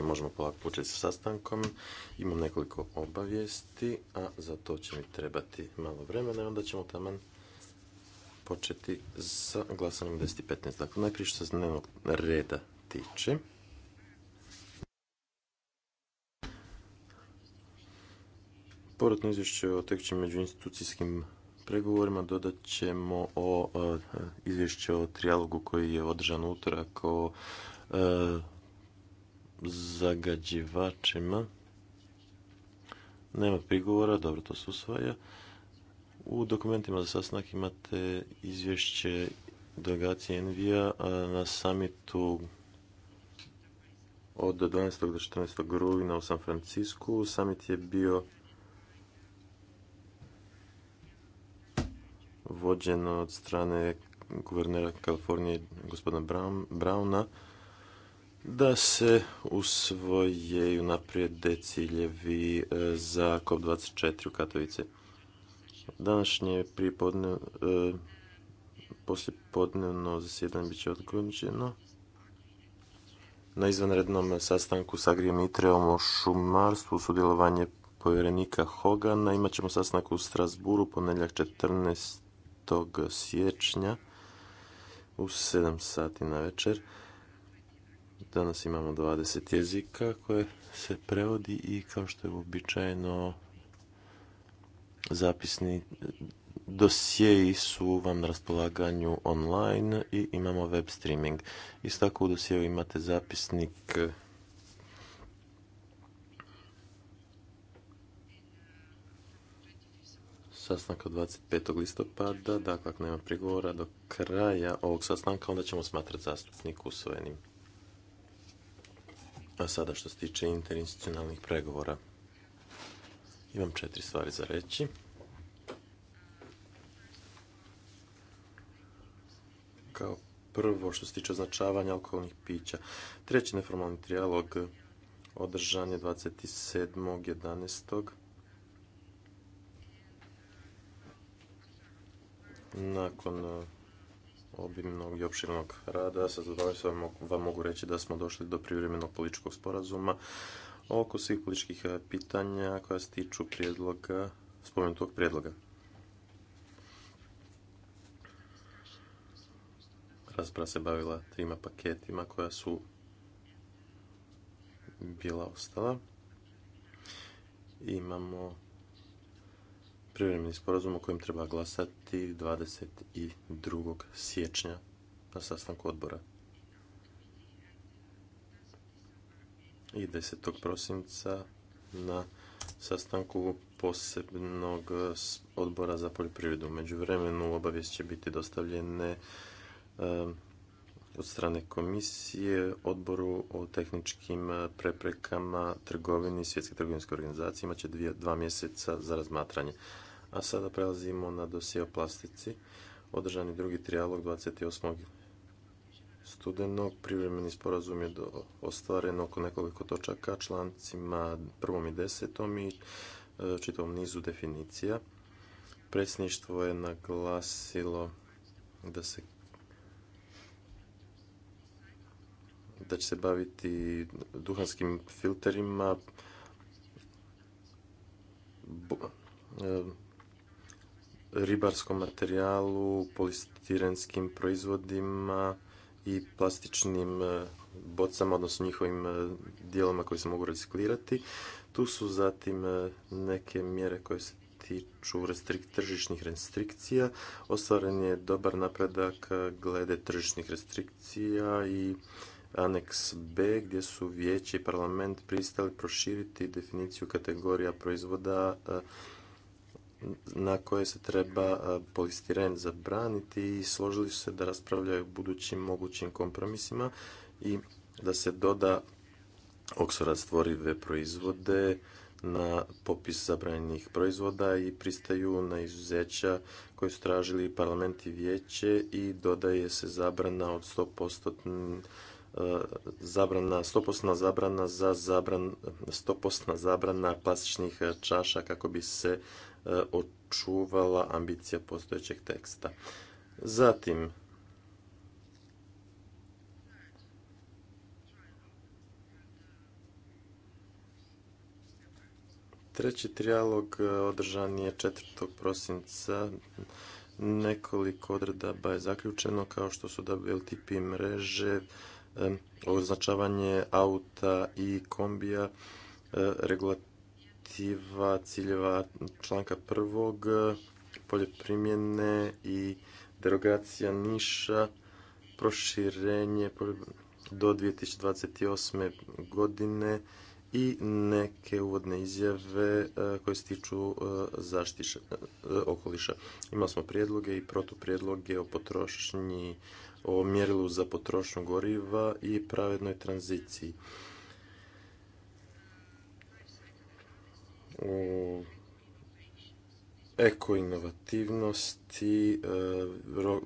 možemo polako početi sa sastankom. Imam nekoliko obavijesti, a za to će mi trebati malo vremena i onda ćemo tamo početi sa glasanjem 10.15. Dakle, najprije što se dnevnog reda tiče. Povratno izvješće o tekućim međuinstitucijskim pregovorima dodat ćemo o e, izvješće o trijalogu koji je održan utorak o e, zagađivačima. Nema prigovora, dobro to se usvaja. U dokumentima za sasnak imate izvješće delegacije Envija na samitu od 12. do 14. rujna u San Francisku. Samit je bio vođen od strane guvernera Kalifornije gospodina Brauna da se usvoje i unaprijede ciljevi e, za COP24 u Katovice. Današnje prijepodne, e, poslijepodnevno zasjedanje bit će odgođeno na izvanrednom sastanku sa Agrijem Itreom o šumarstvu, sudjelovanje povjerenika Hogana. Imat ćemo sastanak u Strasburu ponedjeljak 14. siječnja u 7 sati na večer. Danas imamo 20 jezika koje se prevodi i kao što je uobičajeno zapisni dosjeji su vam na raspolaganju online i imamo web streaming. Isto tako u dosjeu imate zapisnik sastanka 25. listopada, dakle ako nema prigovora do kraja ovog sastanka, onda ćemo smatrati zastupnik usvojenim. A pa sada što se tiče interinstitucionalnih pregovora, imam četiri stvari za reći. Kao prvo što se tiče označavanja alkoholnih pića. Treći neformalni trijalog održan je 27.11. Nakon obimnog i opširnog rada. Sa zadovoljstvom vam mogu reći da smo došli do privremenog političkog sporazuma oko svih političkih e, pitanja koja se tiču prijedloga, spomenutog prijedloga. Rasprava se bavila trima paketima koja su bila ostala. Imamo privremeni sporazum o kojem treba glasati 22. siječnja na sastanku odbora. I 10. prosinca na sastanku posebnog odbora za poljoprivredu. Među vremenu obavijest će biti dostavljene od strane komisije odboru o tehničkim e, preprekama trgovini Svjetske trgovinske organizacije imat će dva mjeseca za razmatranje. A sada prelazimo na dosije o plastici. Održan je drugi trijalog 28. studenog. Privremeni sporazum je ostvaren oko nekoliko točaka člancima prvom i desetom i e, čitavom nizu definicija. Predsjedništvo je naglasilo da se da će se baviti duhanskim filterima, ribarskom materijalu, polistirenskim proizvodima i plastičnim e, bocama, odnosno njihovim e, dijelama koji se mogu reciklirati. Tu su zatim e, neke mjere koje se tiču tržišnih restrikcija. Ostvaren je dobar napredak glede tržišnih restrikcija i aneks B gdje su vijeće i parlament pristali proširiti definiciju kategorija proizvoda e, na koje se treba e, polistiren zabraniti i složili su se da raspravljaju budućim mogućim kompromisima i da se doda oksora stvorive proizvode na popis zabranjenih proizvoda i pristaju na izuzeća koje su tražili parlament i vijeće i dodaje se zabrana od 100% zabrana, stopostna zabrana za zabran, stopostna zabrana plastičnih e, čaša kako bi se e, očuvala ambicija postojećeg teksta. Zatim, Treći trijalog e, održan je 4. prosinca. Nekoliko odredaba je zaključeno kao što su WLTP mreže, označavanje auta i kombija e, regulativa ciljeva članka prvog polje primjene i derogacija niša proširenje do 2028. godine i neke uvodne izjave e, koje se tiču e, zaštiše okoliša. Imali smo prijedloge i protuprijedloge o potrošnji o mjerilu za potrošnju goriva i pravednoj tranziciji. U ekoinovativnosti, e,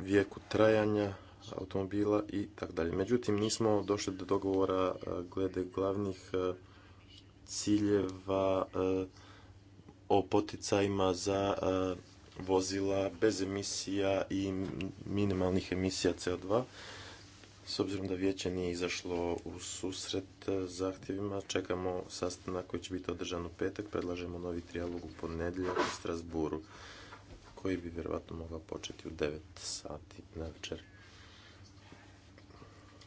vijeku trajanja automobila i tako dalje. Međutim, nismo došli do dogovora e, glede glavnih e, ciljeva o poticajima za vozila bez emisija i minimalnih emisija CO2. S obzirom da vijeće nije izašlo u susret e, zahtjevima, čekamo sastanak koji će biti održan u petak. Predlažemo novi trijalog u ponedjeljak u Strasburu, koji bi vjerojatno mogao početi u 9 sati na večer.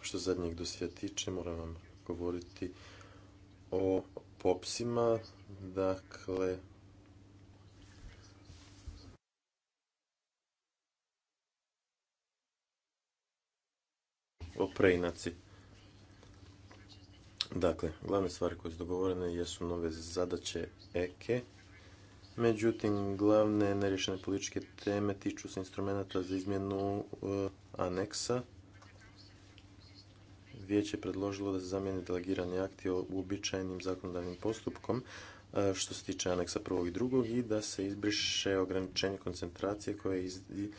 Što zadnjeg dosija tiče, moram vam govoriti o popsima. Dakle, o preinaci. Dakle, glavne stvari koje su dogovorene jesu nove zadaće EKE. E, međutim, glavne nerješene političke teme tiču se instrumenta za izmjenu e, aneksa. Vijeće je predložilo da se zamijeni delegirani akti uobičajenim zakonodavnim postupkom, E, što se tiče aneksa prvog i drugog i da se izbriše ograničenje koncentracije koje je e,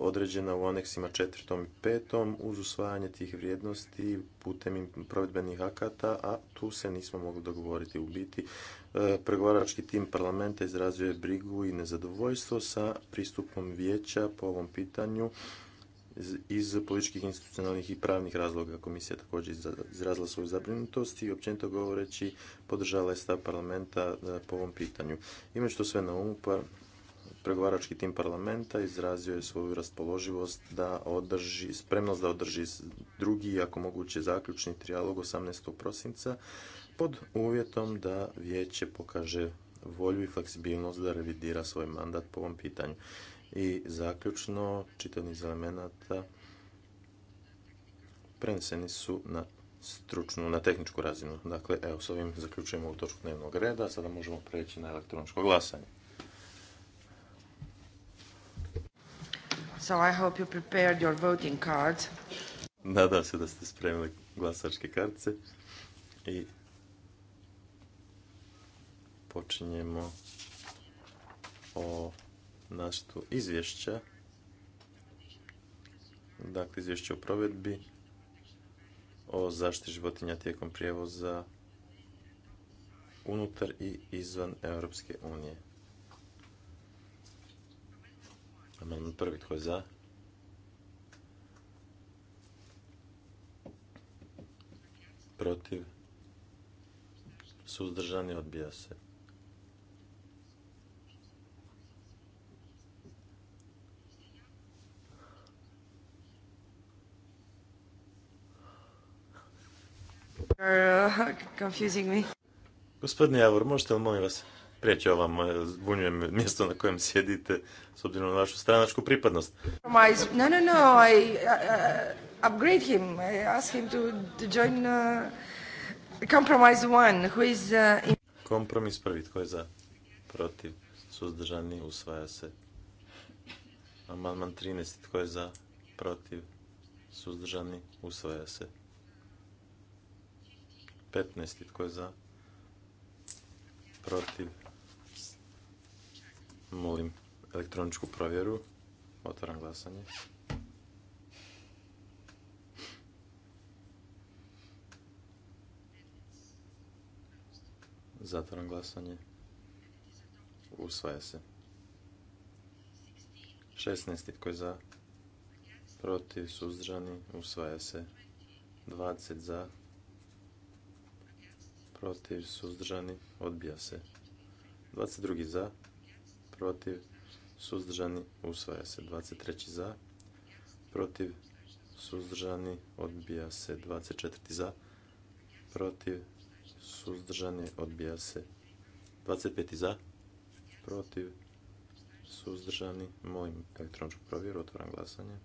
određena u aneksima četvrtom i petom uz usvajanje tih vrijednosti putem provedbenih akata, a tu se nismo mogli dogovoriti. U biti, e, pregovarački tim parlamenta izrazio je brigu i nezadovoljstvo sa pristupom vijeća po ovom pitanju iz političkih, institucionalnih i pravnih razloga. Komisija također izrazila svoju zabrinutost i općenito govoreći podržala je stav parlamenta e, po ovom pitanju. Imajući to sve na umu, pa pregovarački tim parlamenta izrazio je svoju raspoloživost da održi, spremnost da održi drugi, ako moguće, zaključni trijalog 18. prosinca pod uvjetom da vijeće pokaže volju i fleksibilnost da revidira svoj mandat po ovom pitanju i zaključno čitav niz elemenata preneseni su na stručnu, na tehničku razinu. Dakle, evo, s ovim zaključujemo u točku dnevnog reda, sada možemo preći na elektroničko glasanje. So I hope you prepared your voting Nadam se da ste spremili glasačke kartice i počinjemo o tu izvješća, dakle izvješće o provedbi, o zaštiti životinja tijekom prijevoza unutar i izvan Europske unije. Amandman prvi, tko je za? Protiv? Suzdržani odbija se. Confusing Gospodine Javor, možete li molim vas prijeći vam e, zbunjujem mjesto na kojem sjedite s obzirom na vašu stranačku pripadnost. No, no, no, I uh, upgrade him. I ask him to, join uh, compromise one, who is... Uh, Kompromis prvi, tko je za? Protiv, suzdržani, usvaja se. Amandman 13, tko je za? Protiv, suzdržani, usvaja se. 15. Tko je za? Protiv? Molim elektroničku provjeru. Otvaram glasanje. Zatvaram glasanje. Usvaja se. 16. Tko je za? Protiv? Suzdržani? Usvaja se. 20 za, protiv, suzdržani, odbija se. 22. za, protiv, suzdržani, usvaja se. 23. za, protiv, suzdržani, odbija se. 24. za, protiv, suzdržani, odbija se. 25. za, protiv, suzdržani, molim elektroničku provjeru, otvoram glasanje.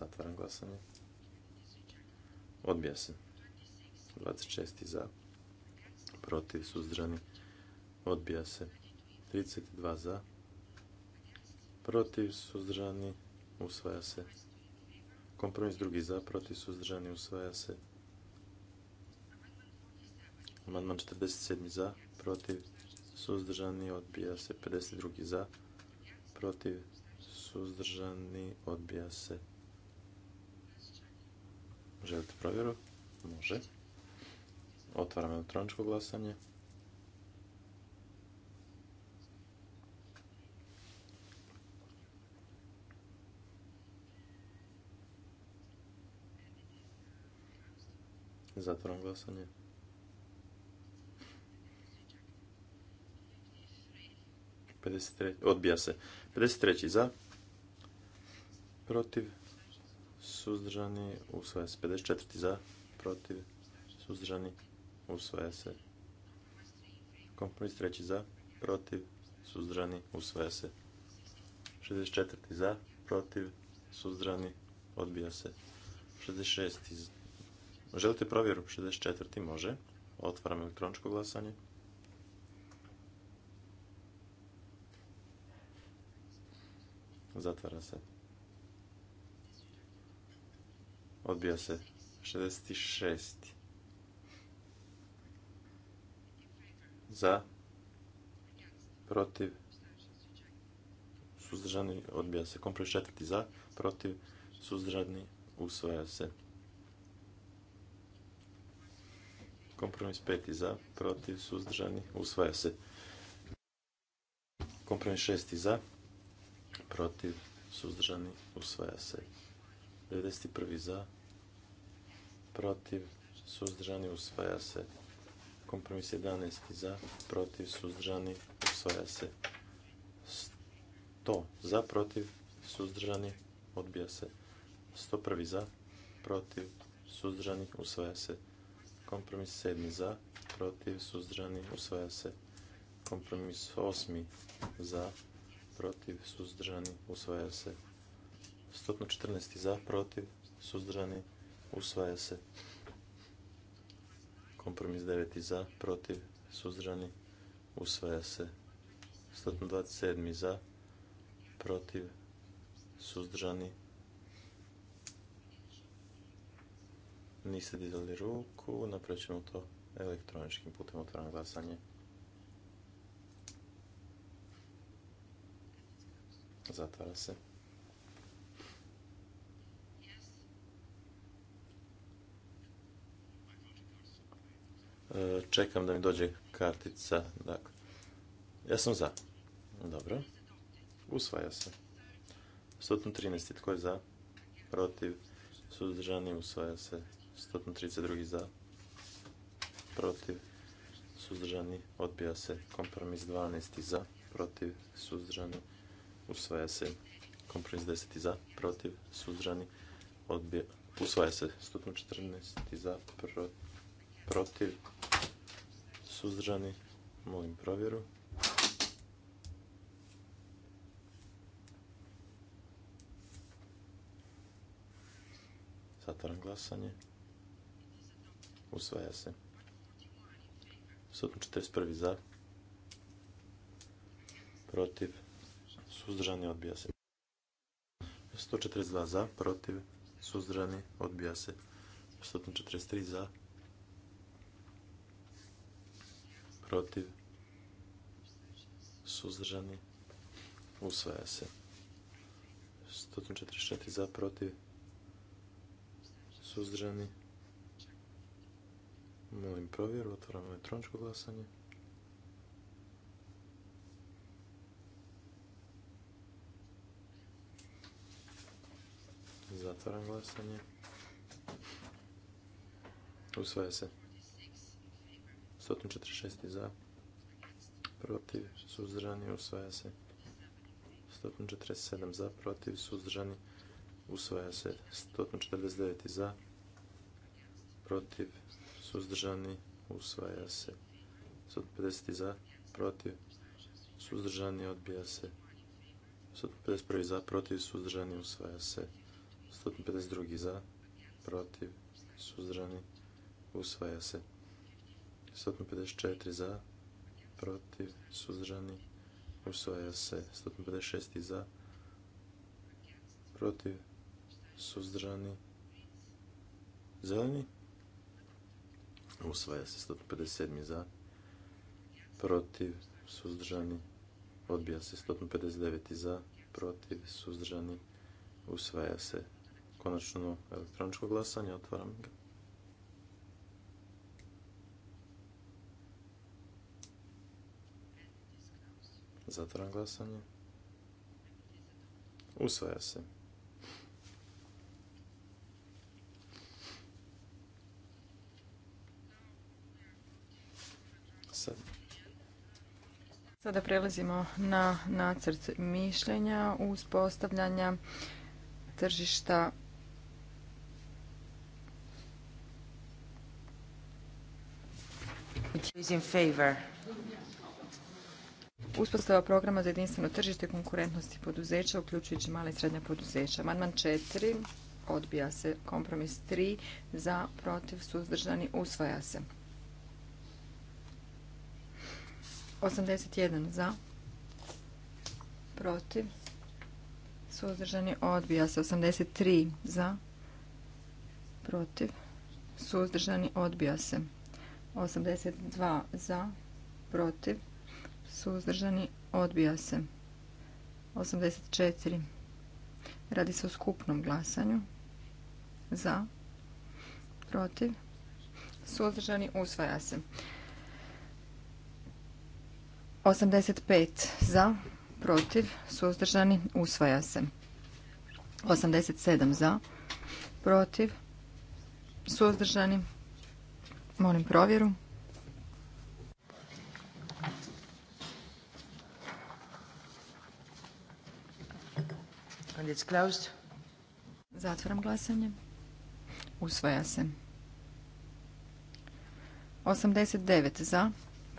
Zatvaram glasanje. Odbija se. 26. za. Protiv suzdržani. Odbija se. 32 za. Protiv suzdržani. Usvaja se. Kompromis drugi za. Protiv suzdržani. Usvaja se. Amandman 47 za. Protiv suzdržani. Odbija se. 52 za. Protiv suzdržani. Odbija se. Želite provjeru? Može. Otvaram elektroničko glasanje. Zatvaram glasanje. Odbija se. 53. za. Protiv suzdržani, usvaja se. 54. za, protiv, suzdržani, usvaja se. Kompromis treći za, protiv, suzdržani, usvaja se. 64. za, protiv, suzdržani, odbija se. 66. Želite provjeru? 64. može. Otvaram elektroničko glasanje. Zatvara se. Odbija se. 66. Za. Protiv. Suzdržani. Odbija se. Kompromis četvrti za. Protiv. Suzdržani. Usvaja se. Kompromis peti za. Protiv. Suzdržani. Usvaja se. Kompromis šesti za. Protiv. Suzdržani. Usvaja se. 91. za protiv, suzdržani, usvaja se. Kompromis 11 za, protiv, suzdržani, usvaja se. 100 za, protiv, suzdržani, odbija se. 101 za, protiv, suzdržani, usvaja se. Kompromis 7 za, protiv, suzdržani, usvaja se. Kompromis 8 za, protiv, suzdržani, usvaja se. 114 za, protiv, suzdržani, usvaja se. Kompromis 9 za, protiv, suzdržani, usvaja se. 127 za, protiv, suzdržani. Niste dizali ruku, napravit to elektroničkim putem otvoreno glasanje. Zatvara se. čekam da mi dođe kartica. Dakle, ja sam za. Dobro. Usvaja se. 113. Tko je za? Protiv. Suzdržani usvaja se. 132. za. Protiv. Suzdržani odbija se. Kompromis 12. za. Protiv. Suzdržani usvaja se. Kompromis 10. za. Protiv. Suzdržani odbija. Usvaja se. 114. za. Protiv suzdržani, molim provjeru. Zatvaram glasanje. Usvaja se. 41. za. Protiv. Suzdržani odbija se. 142 za. Protiv. Suzdržani odbija se. 143 za. protiv, suzdržani, usvaja se. 144 za, protiv, suzdržani. Molim provjeru, otvoramo elektroničko glasanje. Zatvaram glasanje. Usvaja se. 146. za, protiv, suzdržani, usvaja se. 147 za, protiv, suzdržani, usvaja se. 149 za, protiv, suzdržani, usvaja se. 150 za, protiv, suzdržani, odbija se. 151 za, protiv, suzdržani, usvaja se. 152 za, protiv, suzdržani, usvaja se. 154 za, protiv, suzdržani, usvaja se. 156 za, protiv, suzdržani, zeleni, usvaja se. 157 za, protiv, suzdržani, odbija se. 159 za, protiv, suzdržani, usvaja se. Konačno elektroničko glasanje, otvaram ga. Zatvaram glasanje. Usvaja se. Sada prelazimo na nacrt mišljenja uz postavljanja tržišta Is in favor. Uspostava programa za jedinstveno tržište konkurentnosti poduzeća, uključujući male i srednja poduzeća. Amandman 4. Odbija se. Kompromis 3. Za, protiv, suzdržani. Usvaja se. 81. Za, protiv, suzdržani. Odbija se. 83. Za, protiv, suzdržani. Odbija se. 82. Za, protiv, suzdržani, odbija se. 84. Radi se o skupnom glasanju. Za, protiv, suzdržani, usvaja se. 85. Za, protiv, suzdržani, usvaja se. 87. Za, protiv, suzdržani, molim provjeru. And Zatvaram glasanje. Usvaja se. 89 za,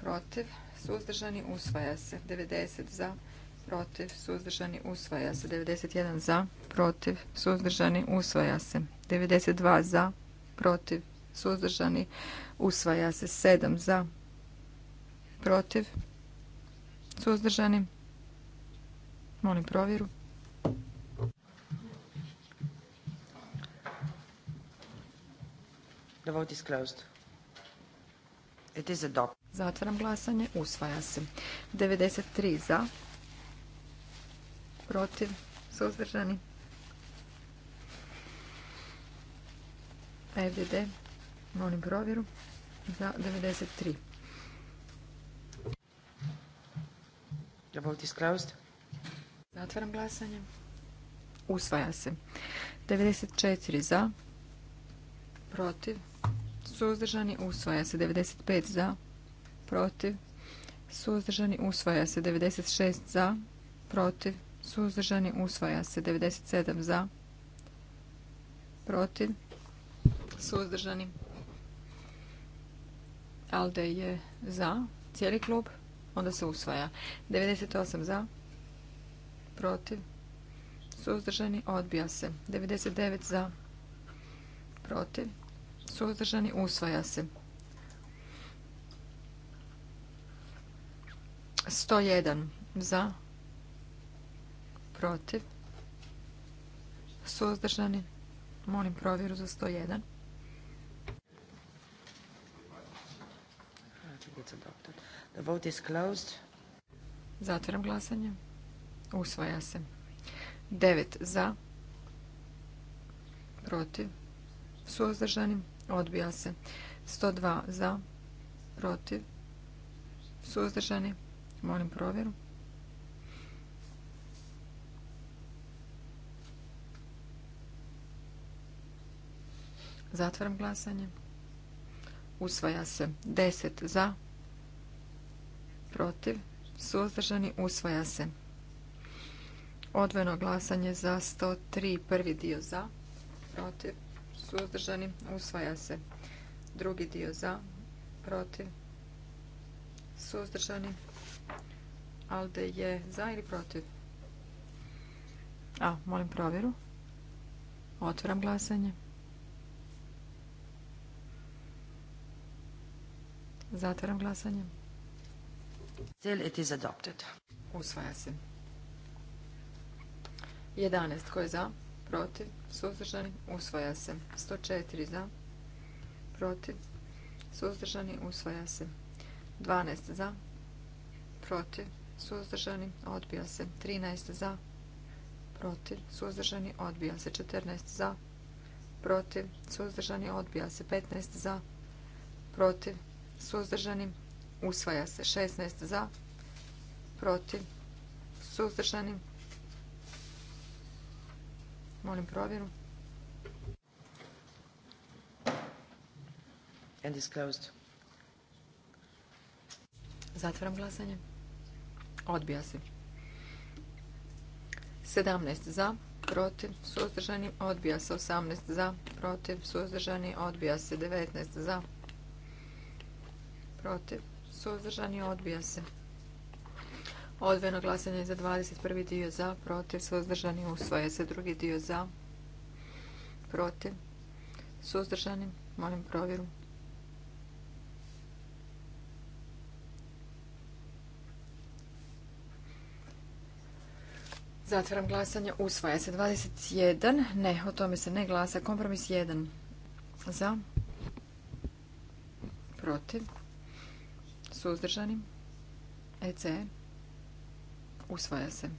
protiv, suzdržani, usvaja se. 90 za, protiv, suzdržani, usvaja se. 91 za, protiv, suzdržani, usvaja se. 92 za, protiv, suzdržani, usvaja se. 7 za, protiv, suzdržani. Molim provjeru. The It is adopted. Zatvaram glasanje. Usvaja se. 93 za. Protiv. Suzdržani. FDD. Molim provjeru. Za 93. The Zatvaram glasanje. Usvaja se. 94 za. Protiv suzdržani, usvaja se 95 za, protiv, suzdržani, usvaja se 96 za, protiv, suzdržani, usvaja se 97 za, protiv, suzdržani. Alde je za, cijeli klub, onda se usvaja. 98 za, protiv, suzdržani, odbija se. 99 za, protiv, Suzdržani usvaja se. 101 za. Protiv. Suzdržani. Molim provjeru za 101. The Zatvaram glasanje. Usvaja se. 9 za. Protiv. Suzdržanim. Odbija se. 102 za. Protiv. Suzdržani. Molim provjeru. Zatvaram glasanje. Usvaja se 10 za. Protiv. Suzdržani. Usvaja se. Odvojeno glasanje za 103. Prvi dio za. Protiv suzdržani, usvaja se. Drugi dio za, protiv, suzdržani. Alde je za ili protiv? A, molim provjeru. Otvaram glasanje. Zatvaram glasanje. Cel it is adopted. Usvaja se. 11. Ko je za? Protiv? suzdržani, usvaja se. 104 za, protiv, suzdržani, usvaja se. 12 za, protiv, suzdržani, odbija se. 13 za, protiv, suzdržani, odbija se. 14 za, protiv, suzdržani, odbija se. 15 za, protiv, suzdržani, usvaja se. 16 za, protiv, suzdržani, Molim provjeru. And Zatvaram glasanje. Odbija se. 17 za, protiv, suzdržani, odbija se 18 za, protiv, suzdržani, odbija se 19 za, protiv, suzdržani, odbija se Odvojeno glasanje za 21. dio za, protiv, suzdržani, usvaja se. Drugi dio za, protiv, suzdržani, molim provjeru. Zatvaram glasanje. Usvaja se 21. Ne, o tome se ne glasa. Kompromis 1. Za. Protiv. Suzdržani. EC. Usvaja se.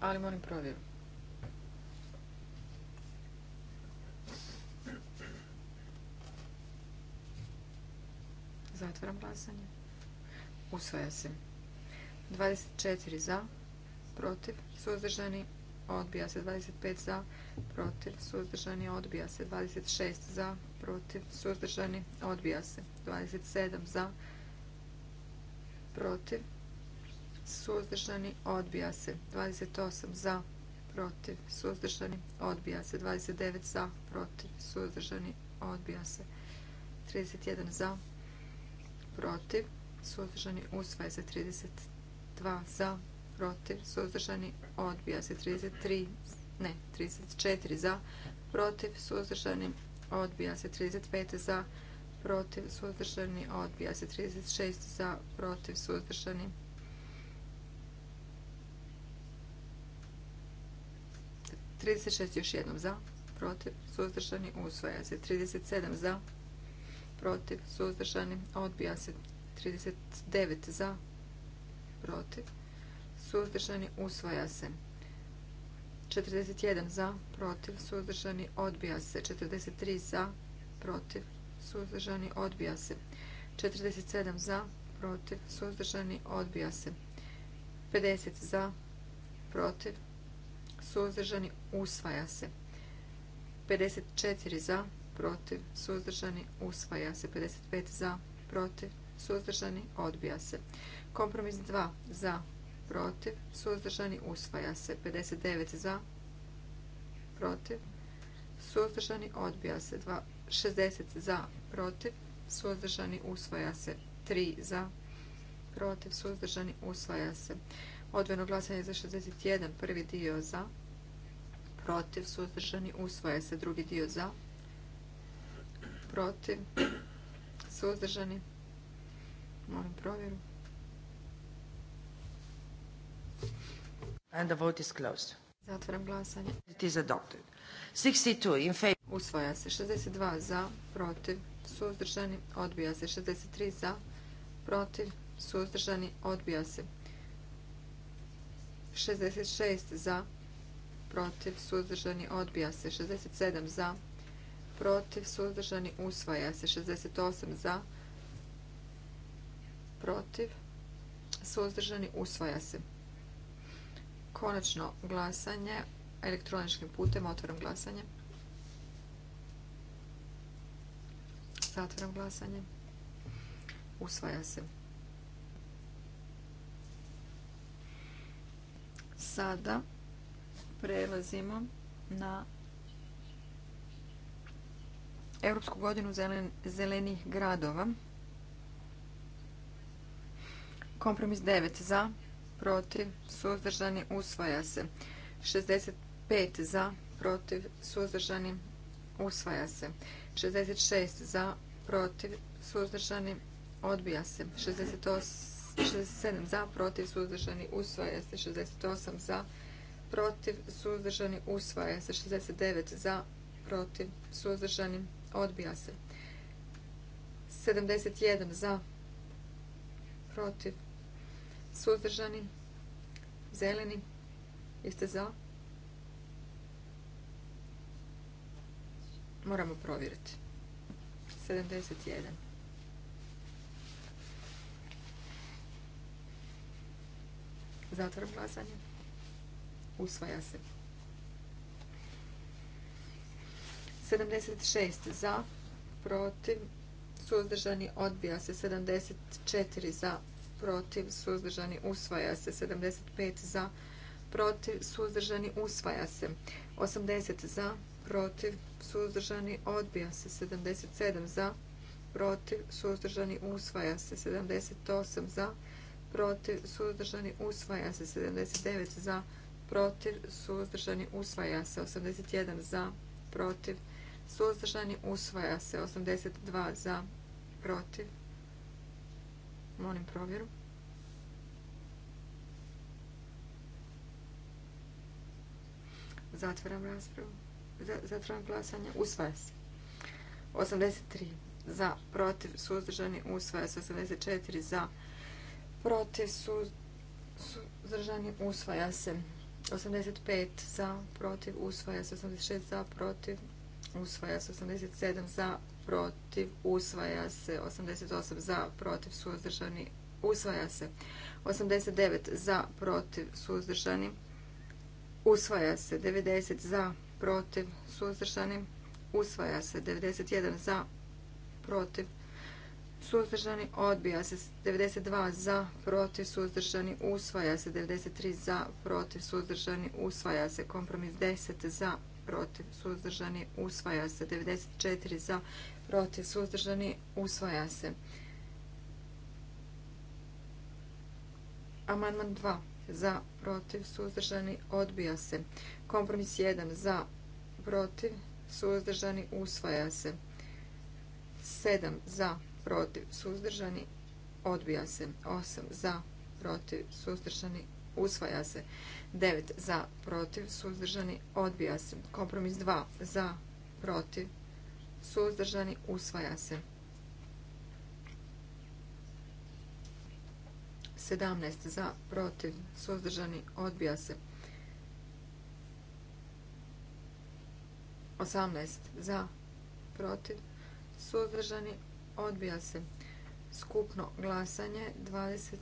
Ali molim provjeru. Zatvaram glasanje. Usvaja se. 24 za, protiv, suzdržani, odbija se 25 za, protiv, suzdržani, odbija se 26 za, protiv, suzdržani, odbija se 27 za, protiv, suzdržani, odbija se. 28 za, protiv, suzdržani, odbija se. 29 za, protiv, suzdržani, odbija se. 31 za, protiv, suzdržani, usvaja se. 32 za, protiv, suzdržani, odbija se. 33, ne, 34 za, protiv, suzdržani, odbija se. 35 za, protiv, suzdržani, odbija se. 36 za, protiv, suzdržani, 36 još jednom za, protiv, suzdržani, usvaja se. 37 za, protiv, suzdržani, odbija se. 39 za, protiv, suzdržani, usvaja se. 41 za, protiv, suzdržani, odbija se. 43 za, protiv, suzdržani, odbija se. 47 za, protiv, suzdržani, odbija se. 50 za, protiv, suzdržani, usvaja se. 54 za, protiv, suzdržani, usvaja se. 55 za, protiv, suzdržani, odbija se. Kompromis 2 za, protiv, suzdržani, usvaja se. 59 za, protiv, suzdržani, odbija se. 60 za, protiv, suzdržani, usvaja se. 3 za, protiv, suzdržani, usvaja se. Odvojeno glasanje za 61, prvi dio za, protiv, suzdržani, usvaja se. Drugi dio za, protiv, suzdržani, molim provjeru. And the vote is closed. Zatvaram glasanje. It is adopted. 62 in favor. Usvaja se 62 za, protiv, suzdržani, odbija se 63 za, protiv, suzdržani, odbija se 66 za, protiv, suzdržani, odbija se. 67 za, protiv, suzdržani, usvaja se. 68 za, protiv, suzdržani, usvaja se. Konačno glasanje elektroničkim putem, otvaram glasanje. Zatvaram glasanje. Usvaja se. Sada Prelazimo na Europsku godinu zelen, zelenih gradova. Kompromis 9 za, protiv, suzdržani, usvaja se. 65 za, protiv, suzdržani, usvaja se. 66 za, protiv, suzdržani, odbija se. 68, 67 za, protiv, suzdržani, usvaja se. 68 za, protiv, suzdržani, usvaja se. 69 za, protiv, suzdržani, odbija se. 71 za, protiv, suzdržani, zeleni, jeste za? Moramo provjeriti. 71. Zatvoram glasanje. Usvaja se. 76 za, protiv, suzdržani, odbija se. 74 za, protiv, suzdržani, usvaja se. 75 za, protiv, suzdržani, usvaja se. 80 za, protiv, suzdržani, odbija se. 77 za, protiv, suzdržani, usvaja se. 78 za, protiv, suzdržani, usvaja se. 79 za, protiv, protiv, suzdržani, usvaja se. 81 za, protiv, suzdržani, usvaja se. 82 za, protiv. Molim provjeru. Zatvaram raspravu. Zatvaram glasanje. Usvaja se. 83 za, protiv, suzdržani, usvaja se. 84 za, protiv, suzdržani, usvaja se. 85 za, protiv, usvaja se 86 za, protiv, usvaja se 87 za, protiv, usvaja se 88 za, protiv, suzdržani, usvaja se 89 za, protiv, suzdržani, usvaja se 90 za, protiv, suzdržani, usvaja se 91 za, protiv, suzdržani, odbija se 92 za, protiv, suzdržani, usvaja se 93 za, protiv, suzdržani, usvaja se kompromis 10 za, protiv, suzdržani, usvaja se 94 za, protiv, suzdržani, usvaja se. Amandman 2 za, protiv, suzdržani, odbija se. Kompromis 1 za, protiv, suzdržani, usvaja se. 7 za, protiv, suzdržani, odbija se. 8 za, protiv, suzdržani, usvaja se. 9 za, protiv, suzdržani, odbija se. Kompromis 2 za, protiv, suzdržani, usvaja se. 17 za, protiv, suzdržani, odbija se. 18 za, protiv, suzdržani, odbija se. Skupno glasanje 20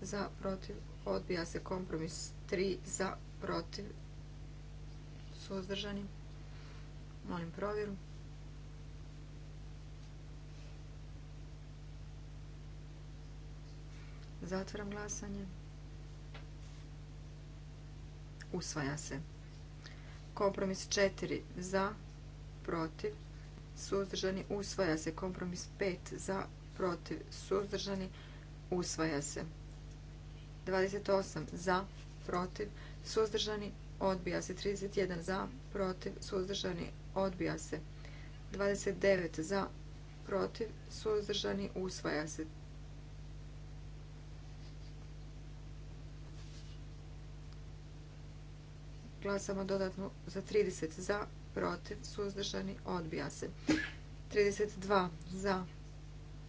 za, protiv, odbija se. Kompromis 3 za, protiv, suzdržani. Molim provjeru. Zatvaram glasanje. Usvaja se. Kompromis 4 za, protiv, suzdržani, usvaja se. Kompromis 5 za, protiv, suzdržani, usvaja se. 28 za, protiv, suzdržani, odbija se. 31 za, protiv, suzdržani, odbija se. 29 za, protiv, suzdržani, usvaja se. Glasamo dodatno za 30 za, protiv, suzdržani, odbija se. 32 za,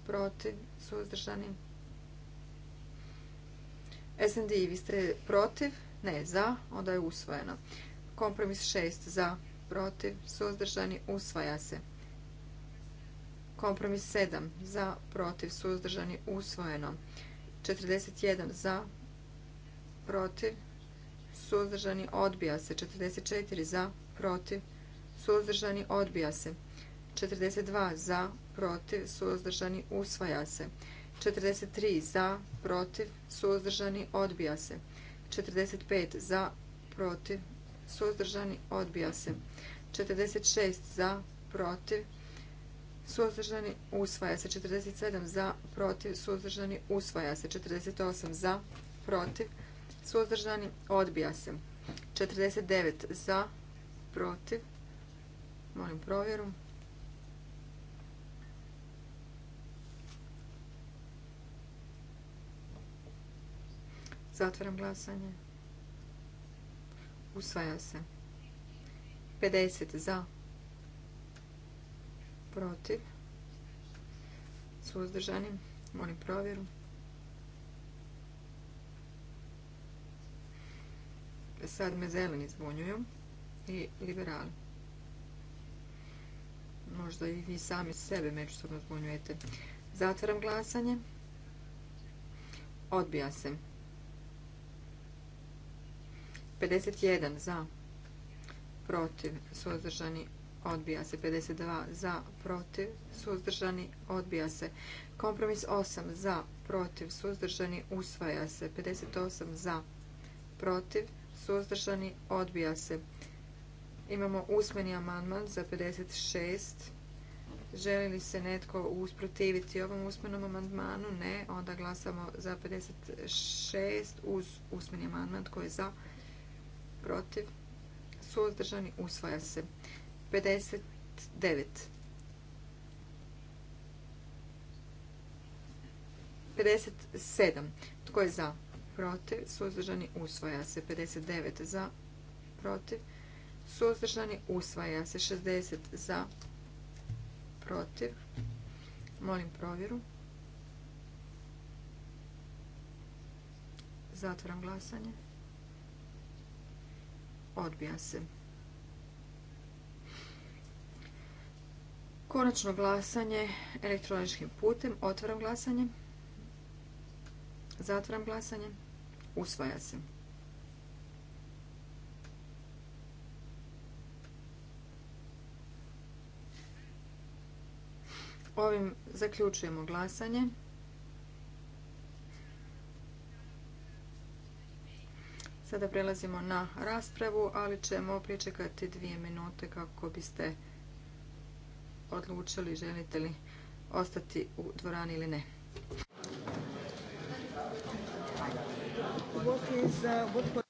protiv, suzdržani. SND, vi ste protiv? Ne, za, onda je usvojeno. Kompromis 6 za, protiv, suzdržani, usvaja se. Kompromis 7 za, protiv, suzdržani, usvojeno. 41 za, protiv, suzdržani, odbija se. 44 za, protiv, suzdržani, odbija se. 42 za, protiv, suzdržani, usvaja se. 43 za, protiv, suzdržani, odbija se. 45 za, protiv, suzdržani, odbija se. 46 za, protiv, suzdržani, usvaja se. 47 za, protiv, suzdržani, usvaja se. 48 za, protiv, suzdržani, odbija se. 49 za, protiv, Molim provjeru. Zatvaram glasanje. Usvaja se. 50 za. Protiv. Suzdržanim. Molim provjeru. Sad me zeleni zvonjuju i liberali. Možda i vi sami sebe međusobno zbunjujete. Zatvaram glasanje. Odbija se. 51 za, protiv, suzdržani, odbija se. 52 za, protiv, suzdržani, odbija se. Kompromis 8 za, protiv, suzdržani, usvaja se. 58 za, protiv, suzdržani, odbija se. Imamo usmeni amandman za 56. Želi li se netko usprotiviti ovom usmenom amandmanu? Ne. Onda glasamo za 56 uz usmeni amandman. Tko je za? Protiv? Suzdržani? Usvaja se. 59. 57. Tko je za? Protiv? Suzdržani? Usvaja se. 59. Za? Protiv? suzdržani, usvaja se 60 za, protiv, molim provjeru. Zatvoram glasanje. Odbija se. Konačno glasanje elektroničkim putem. Otvaram glasanje. Zatvaram glasanje. Usvaja se. Ovim zaključujemo glasanje. Sada prelazimo na raspravu, ali ćemo pričekati dvije minute kako biste odlučili želite li ostati u dvorani ili ne. Uh,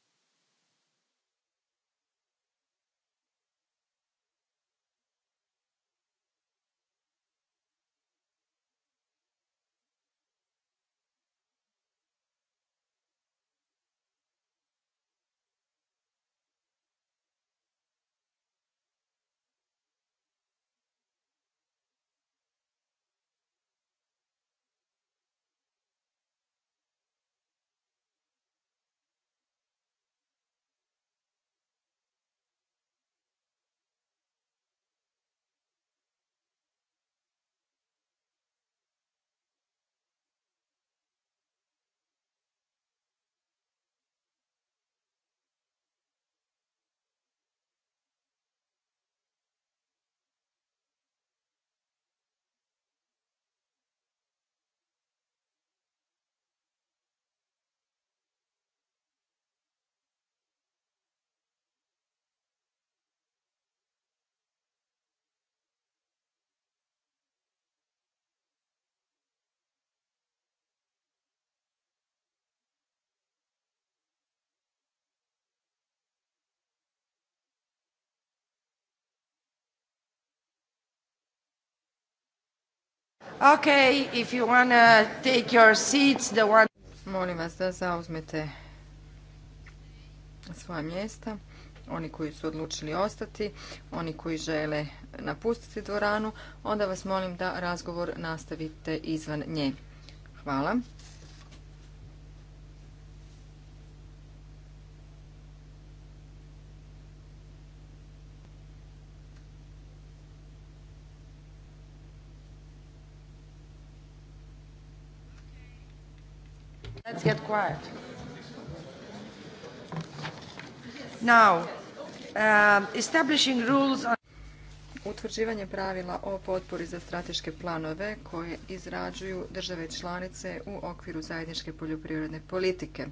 Ok, if you take your the Molim vas da zauzmete svoje mjesta. Oni koji su odlučili ostati, oni koji žele napustiti dvoranu, onda vas molim da razgovor nastavite izvan nje. Hvala. quiet. Now, um, establishing rules on... Utvrđivanje pravila o potpori za strateške planove koje izrađuju države članice u okviru zajedničke poljoprivredne politike,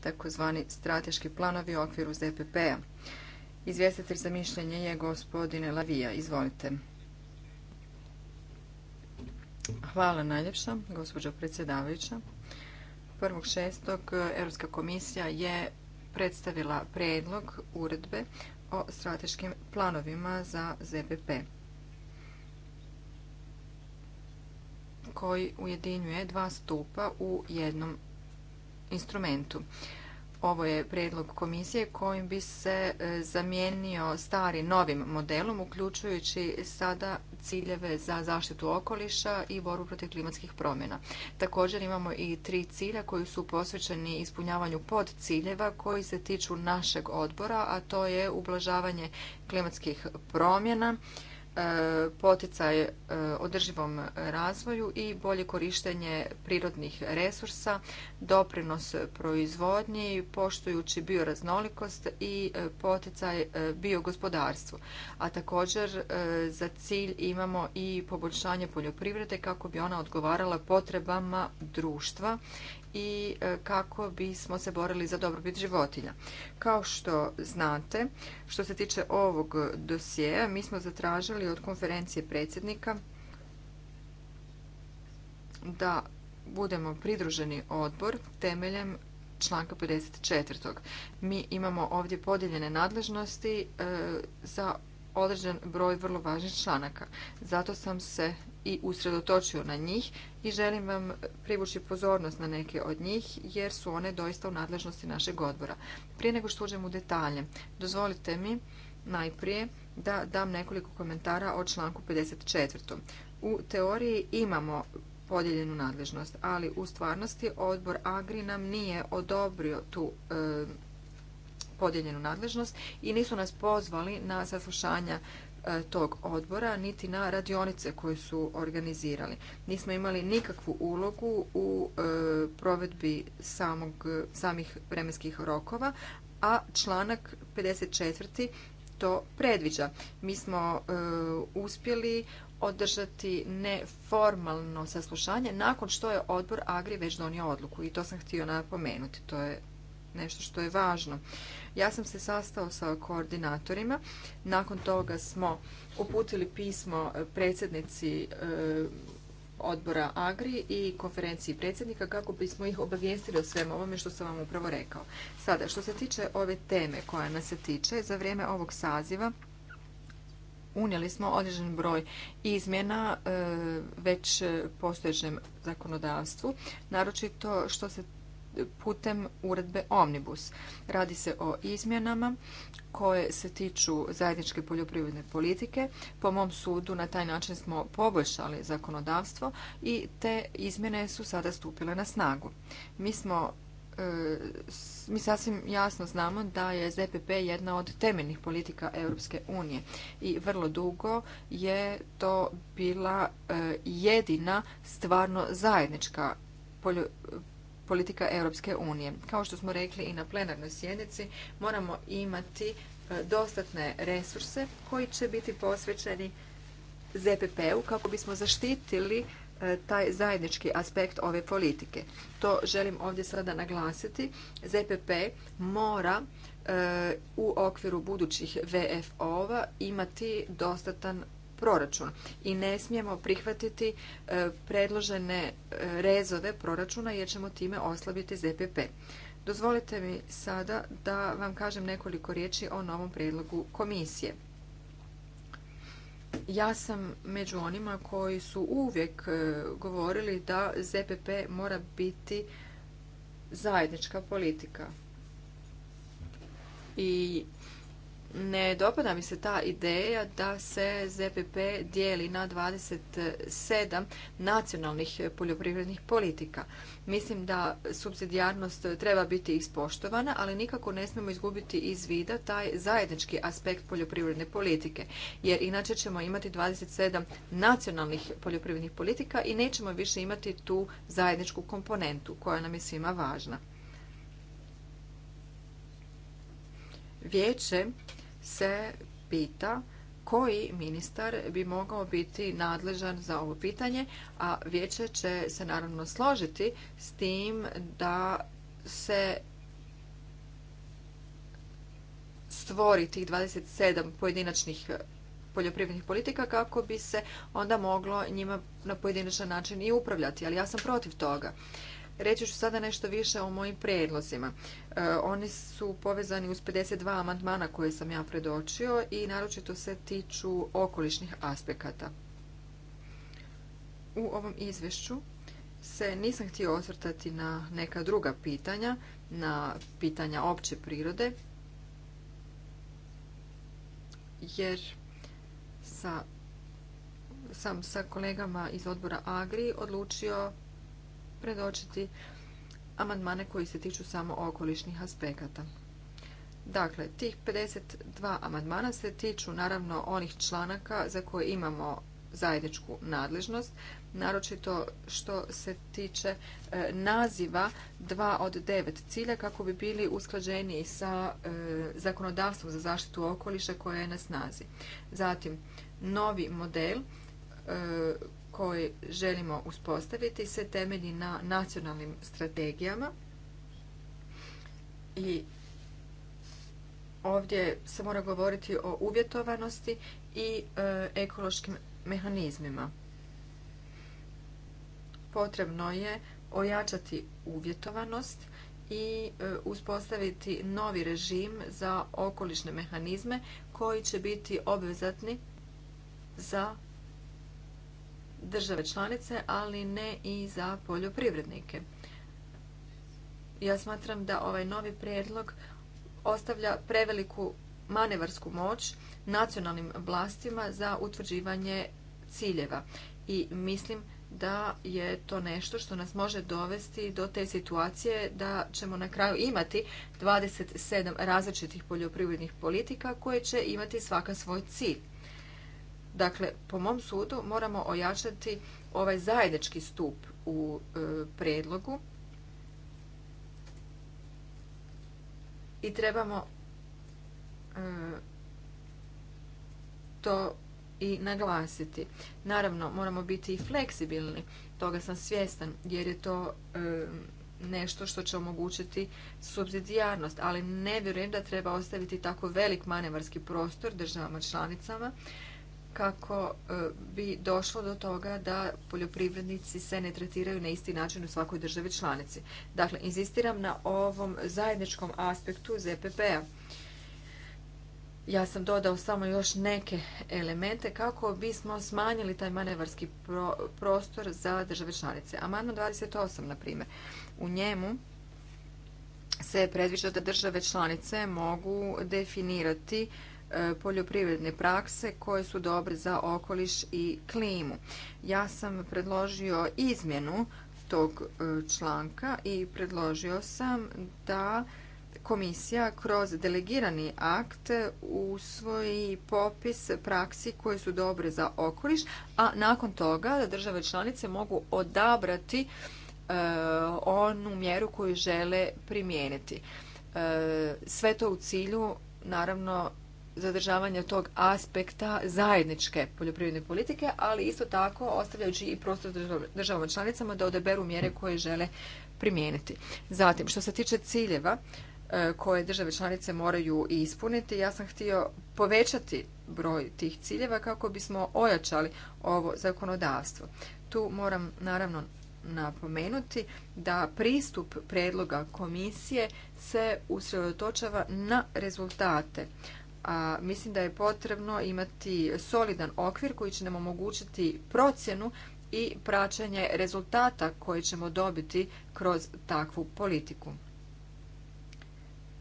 takozvani strateški planovi u okviru ZPP-a. Izvjestitelj za mišljenje je gospodine Lavija. Izvolite. Hvala najljepša, gospođo predsjedavajuća. 1.6. Eh, Europska komisija je predstavila predlog uredbe o strateškim planovima za ZPP koji ujedinjuje dva stupa u jednom instrumentu. Ovo je predlog komisije kojim bi se eh, zamijenio stari novim modelom uključujući sada ciljeve za zaštitu okoliša i borbu protiv klimatskih promjena. Također imamo i tri cilja koji su posvećeni ispunjavanju podciljeva koji se tiču našeg odbora, a to je ublažavanje klimatskih promjena, E, poticaj e, održivom razvoju i bolje korištenje prirodnih resursa, doprinos proizvodnji, poštujući bioraznolikost i e, poticaj biogospodarstvu. A također za cilj imamo i poboljšanje poljoprivrede kako bi ona odgovarala potrebama društva i e, kako bismo se borili za dobrobit životinja. Kao što znate, što se tiče ovog dosjeja, mi smo zatražili od konferencije predsjednika da budemo pridruženi odbor temeljem članka 54. Mi imamo ovdje podijeljene nadležnosti e, za određen broj vrlo važnih članaka. Zato sam se i usredotočio na njih i želim vam privući pozornost na neke od njih jer su one doista u nadležnosti našeg odbora. Prije nego što uđem u detalje, dozvolite mi najprije da dam nekoliko komentara o članku 54. U teoriji imamo podijeljenu nadležnost, ali u stvarnosti odbor Agri nam nije odobrio tu e, podijeljenu nadležnost i nisu nas pozvali na saslušanja e, tog odbora, niti na radionice koje su organizirali. Nismo imali nikakvu ulogu u e, provedbi samog, samih vremenskih rokova, a članak 54. to predviđa. Mi smo e, uspjeli održati neformalno saslušanje nakon što je odbor Agri već donio odluku i to sam htio napomenuti. To je nešto što je važno. Ja sam se sastao sa koordinatorima. Nakon toga smo uputili pismo e, predsjednici e, odbora Agri i konferenciji predsjednika kako bismo ih obavijestili o svem ovome što sam vam upravo rekao. Sada, što se tiče ove teme koja nas se tiče, za vrijeme ovog saziva unijeli smo određen broj izmjena e, već postojećem zakonodavstvu, naročito što se putem uredbe Omnibus. Radi se o izmjenama koje se tiču zajedničke poljoprivredne politike. Po mom sudu na taj način smo poboljšali zakonodavstvo i te izmjene su sada stupile na snagu. Mi smo e, mi sasvim jasno znamo da je ZPP jedna od temeljnih politika Europske unije i vrlo dugo je to bila e, jedina stvarno zajednička politika Europske unije. Kao što smo rekli i na plenarnoj sjednici, moramo imati e, dostatne resurse koji će biti posvećeni ZPP-u kako bismo zaštitili e, taj zajednički aspekt ove politike. To želim ovdje sada naglasiti. ZPP mora e, u okviru budućih VFO-ova imati dostatan proračun i ne smijemo prihvatiti e, predložene e, rezove proračuna jer ćemo time oslabiti ZPP. Dozvolite mi sada da vam kažem nekoliko riječi o novom prijedlogu komisije. Ja sam među onima koji su uvijek e, govorili da ZPP mora biti zajednička politika. I ne dopada mi se ta ideja da se ZPP dijeli na 27 nacionalnih poljoprivrednih politika. Mislim da subsidijarnost treba biti ispoštovana, ali nikako ne smemo izgubiti iz vida taj zajednički aspekt poljoprivredne politike, jer inače ćemo imati 27 nacionalnih poljoprivrednih politika i nećemo više imati tu zajedničku komponentu koja nam je svima važna. Vijeće se pita koji ministar bi mogao biti nadležan za ovo pitanje, a vijeće će se naravno složiti s tim da se stvori tih 27 pojedinačnih poljoprivrednih politika kako bi se onda moglo njima na pojedinačan način i upravljati, ali ja sam protiv toga. Reći ću sada nešto više o mojim prijedlozima. E, oni su povezani uz 52 amandmana koje sam ja predočio i naročito se tiču okolišnih aspekata. U ovom izvješću se nisam htio osvrtati na neka druga pitanja, na pitanja opće prirode, jer sam sa kolegama iz odbora Agri odlučio predočiti amandmane koji se tiču samo okolišnih aspekata. Dakle, tih 52 amandmana se tiču naravno onih članaka za koje imamo zajedničku nadležnost, naročito što se tiče e, naziva dva od devet cilja kako bi bili usklađeni sa e, zakonodavstvom za zaštitu okoliša koje je na snazi. Zatim, novi model e, koji želimo uspostaviti se temelji na nacionalnim strategijama i ovdje se mora govoriti o uvjetovanosti i e, ekološkim mehanizmima. Potrebno je ojačati uvjetovanost i e, uspostaviti novi režim za okolišne mehanizme koji će biti obvezatni za države članice, ali ne i za poljoprivrednike. Ja smatram da ovaj novi prijedlog ostavlja preveliku manevarsku moć nacionalnim vlastima za utvrđivanje ciljeva i mislim da je to nešto što nas može dovesti do te situacije da ćemo na kraju imati 27 različitih poljoprivrednih politika koje će imati svaka svoj cilj. Dakle, po mom sudu moramo ojačati ovaj zajednički stup u e, predlogu i trebamo e, to i naglasiti. Naravno, moramo biti i fleksibilni, toga sam svjestan, jer je to e, nešto što će omogućiti subsidijarnost, ali ne vjerujem da treba ostaviti tako velik manevarski prostor državama članicama kako e, bi došlo do toga da poljoprivrednici se ne tretiraju na isti način u svakoj državi članici. Dakle, inzistiram na ovom zajedničkom aspektu ZPP-a. Ja sam dodao samo još neke elemente kako bismo smanjili taj manevarski prostor za države članice. Amandman 28, na primjer, u njemu se predviđa da države članice mogu definirati E, poljoprivredne prakse koje su dobre za okoliš i klimu. Ja sam predložio izmjenu tog e, članka i predložio sam da komisija kroz delegirani akt usvoji popis praksi koje su dobre za okoliš, a nakon toga da države članice mogu odabrati e, onu mjeru koju žele primijeniti. sve to u cilju, naravno, zadržavanja tog aspekta zajedničke poljoprivredne politike, ali isto tako ostavljajući i prostor državama članicama da odeberu mjere koje žele primijeniti. Zatim, što se tiče ciljeva e, koje države članice moraju ispuniti, ja sam htio povećati broj tih ciljeva kako bismo ojačali ovo zakonodavstvo. Tu moram naravno napomenuti da pristup predloga komisije se usredotočava na rezultate a mislim da je potrebno imati solidan okvir koji će nam omogućiti procjenu i praćenje rezultata koje ćemo dobiti kroz takvu politiku.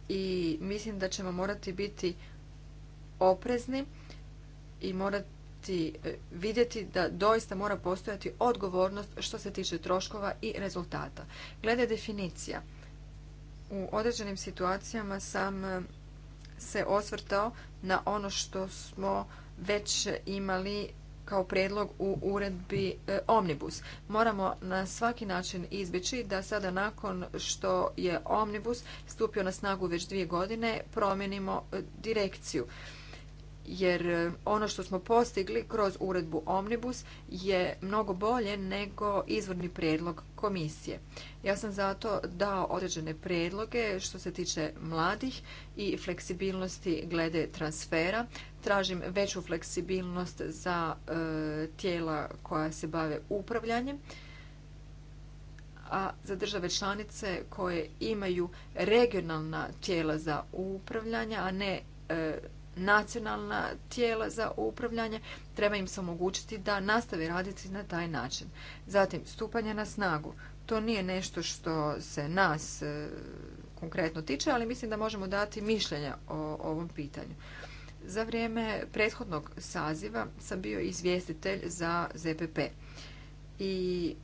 I mislim da ćemo morati biti oprezni i morati e, vidjeti da doista mora postojati odgovornost što se tiče troškova i rezultata. Glede definicija, u određenim situacijama sam se osvrtao na ono što smo već imali kao predlog u uredbi e, Omnibus. Moramo na svaki način izbjeći da sada nakon što je Omnibus stupio na snagu već dvije godine promijenimo e, direkciju jer e, ono što smo postigli kroz uredbu Omnibus je mnogo bolje nego izvorni prijedlog komisije. Ja sam zato dao određene prijedloge što se tiče mladih i fleksibilnosti glede transfera. Tražim veću fleksibilnost za e, tijela koja se bave upravljanjem a za države članice koje imaju regionalna tijela za upravljanje, a ne e, nacionalna tijela za upravljanje, treba im se omogućiti da nastavi raditi na taj način. Zatim, stupanje na snagu. To nije nešto što se nas e, konkretno tiče, ali mislim da možemo dati mišljenja o ovom pitanju. Za vrijeme prethodnog saziva sam bio izvjestitelj za ZPP i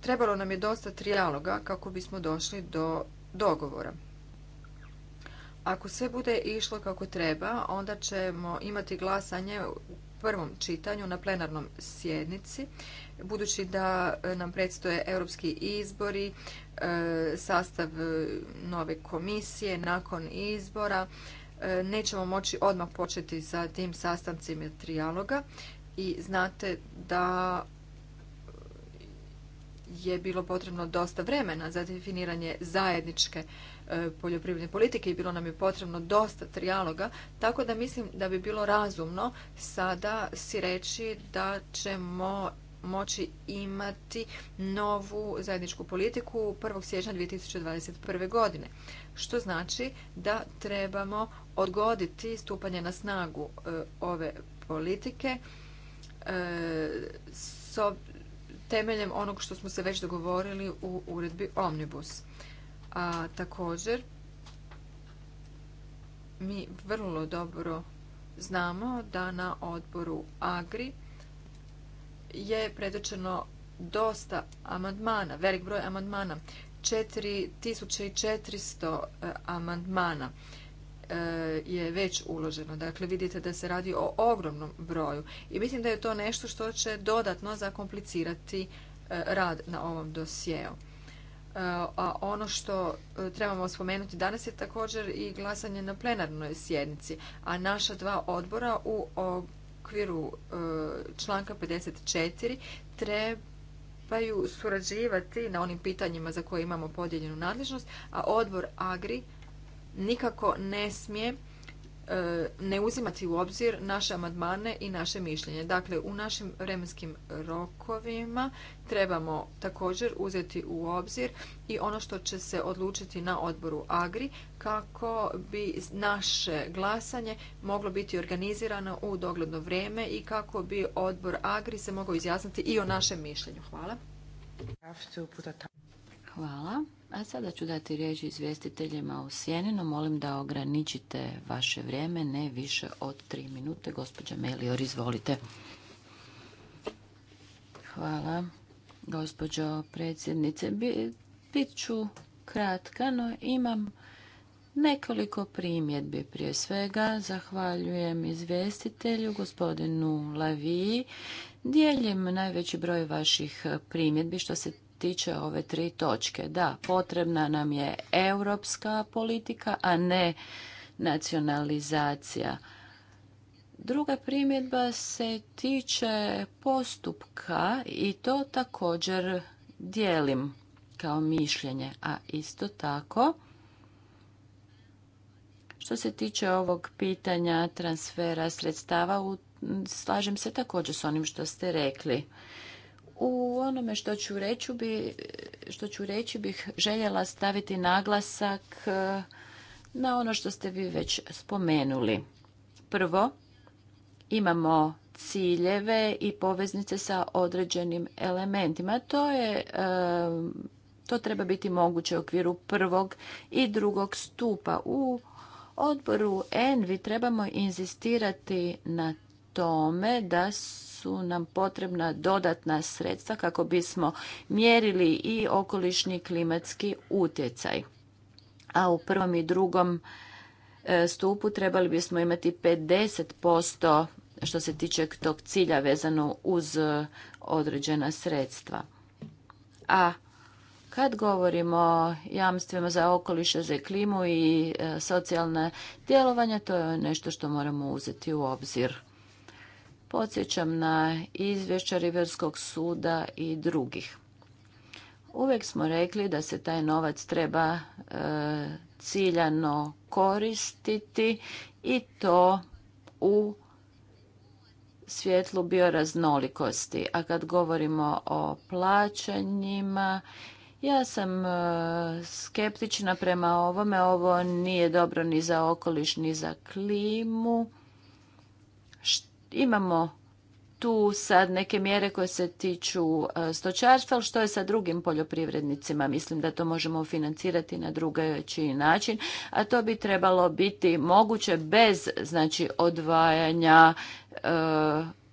trebalo nam je dosta trijaloga kako bismo došli do dogovora. Ako sve bude išlo kako treba, onda ćemo imati glasanje u prvom čitanju na plenarnom sjednici, budući da e, nam predstoje europski izbori, e, sastav e, nove komisije nakon izbora, nećemo moći odmah početi sa tim sastancima trijaloga i znate da je bilo potrebno dosta vremena za definiranje zajedničke E, poljoprivredne politike i bilo nam je potrebno dosta trijaloga, tako da mislim da bi bilo razumno sada si reći da ćemo moći imati novu zajedničku politiku 1. siječnja 2021. godine. Što znači da trebamo odgoditi stupanje na snagu e, ove politike e, s temeljem onog što smo se već dogovorili u uredbi Omnibus. A također mi vrlo dobro znamo da na odboru Agri je predočeno dosta amandmana, velik broj amandmana, 4400 e, amandmana e, je već uloženo. Dakle, vidite da se radi o ogromnom broju. I mislim da je to nešto što će dodatno zakomplicirati e, rad na ovom dosjeu a ono što e, trebamo spomenuti danas je također i glasanje na plenarnoj sjednici, a naša dva odbora u okviru e, članka 54 trebaju surađivati na onim pitanjima za koje imamo podijeljenu nadležnost, a odbor Agri nikako ne smije E, ne uzimati u obzir naše amandmane i naše mišljenje. Dakle, u našim vremenskim rokovima trebamo također uzeti u obzir i ono što će se odlučiti na odboru AGRI kako bi naše glasanje moglo biti organizirano u dogledno vrijeme i kako bi odbor AGRI se mogao izjasniti i o našem mišljenju. Hvala. Hvala. A sada ću dati riječ izvjestiteljima u no Molim da ograničite vaše vrijeme, ne više od tri minute. Gospođa Melior, izvolite. Hvala, gospođo predsjednice. Bit ću kratka, no imam nekoliko primjedbi. Prije svega zahvaljujem izvjestitelju, gospodinu Laviji. Dijeljem najveći broj vaših primjedbi što se tiče ove tri točke. Da, potrebna nam je europska politika, a ne nacionalizacija. Druga primjedba se tiče postupka i to također dijelim kao mišljenje, a isto tako što se tiče ovog pitanja transfera sredstava, slažem se također s onim što ste rekli. U onome što ću reći, bi, što ću reći bih željela staviti naglasak e, na ono što ste vi već spomenuli. Prvo, imamo ciljeve i poveznice sa određenim elementima. To je e, to treba biti moguće u okviru prvog i drugog stupa. U odboru ENVI trebamo inzistirati na tome da su nam potrebna dodatna sredstva kako bismo mjerili i okolišni klimatski utjecaj. A u prvom i drugom e, stupu trebali bismo imati 50% što se tiče tog cilja vezano uz e, određena sredstva. A kad govorimo o jamstvima za okoliše, za klimu i e, socijalne djelovanja, to je nešto što moramo uzeti u obzir. Podsjećam na izvješća Riverskog suda i drugih. Uvijek smo rekli da se taj novac treba e, ciljano koristiti i to u svjetlu bioraznolikosti. A kad govorimo o plaćanjima, ja sam e, skeptična prema ovome. Ovo nije dobro ni za okoliš, ni za klimu imamo tu sad neke mjere koje se tiču e, stočarstva, ali što je sa drugim poljoprivrednicima? Mislim da to možemo financirati na drugačiji način, a to bi trebalo biti moguće bez znači odvajanja e,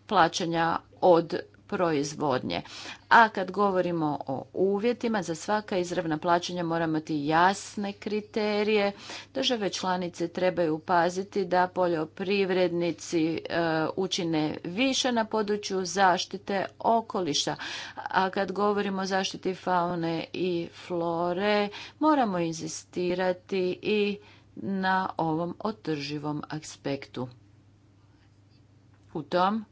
plaćanja od proizvodnje. A kad govorimo o uvjetima, za svaka izravna plaćanja moramo imati jasne kriterije. Države članice trebaju paziti da poljoprivrednici e, učine više na području zaštite okoliša. A kad govorimo o zaštiti faune i flore, moramo inzistirati i na ovom održivom aspektu. U tom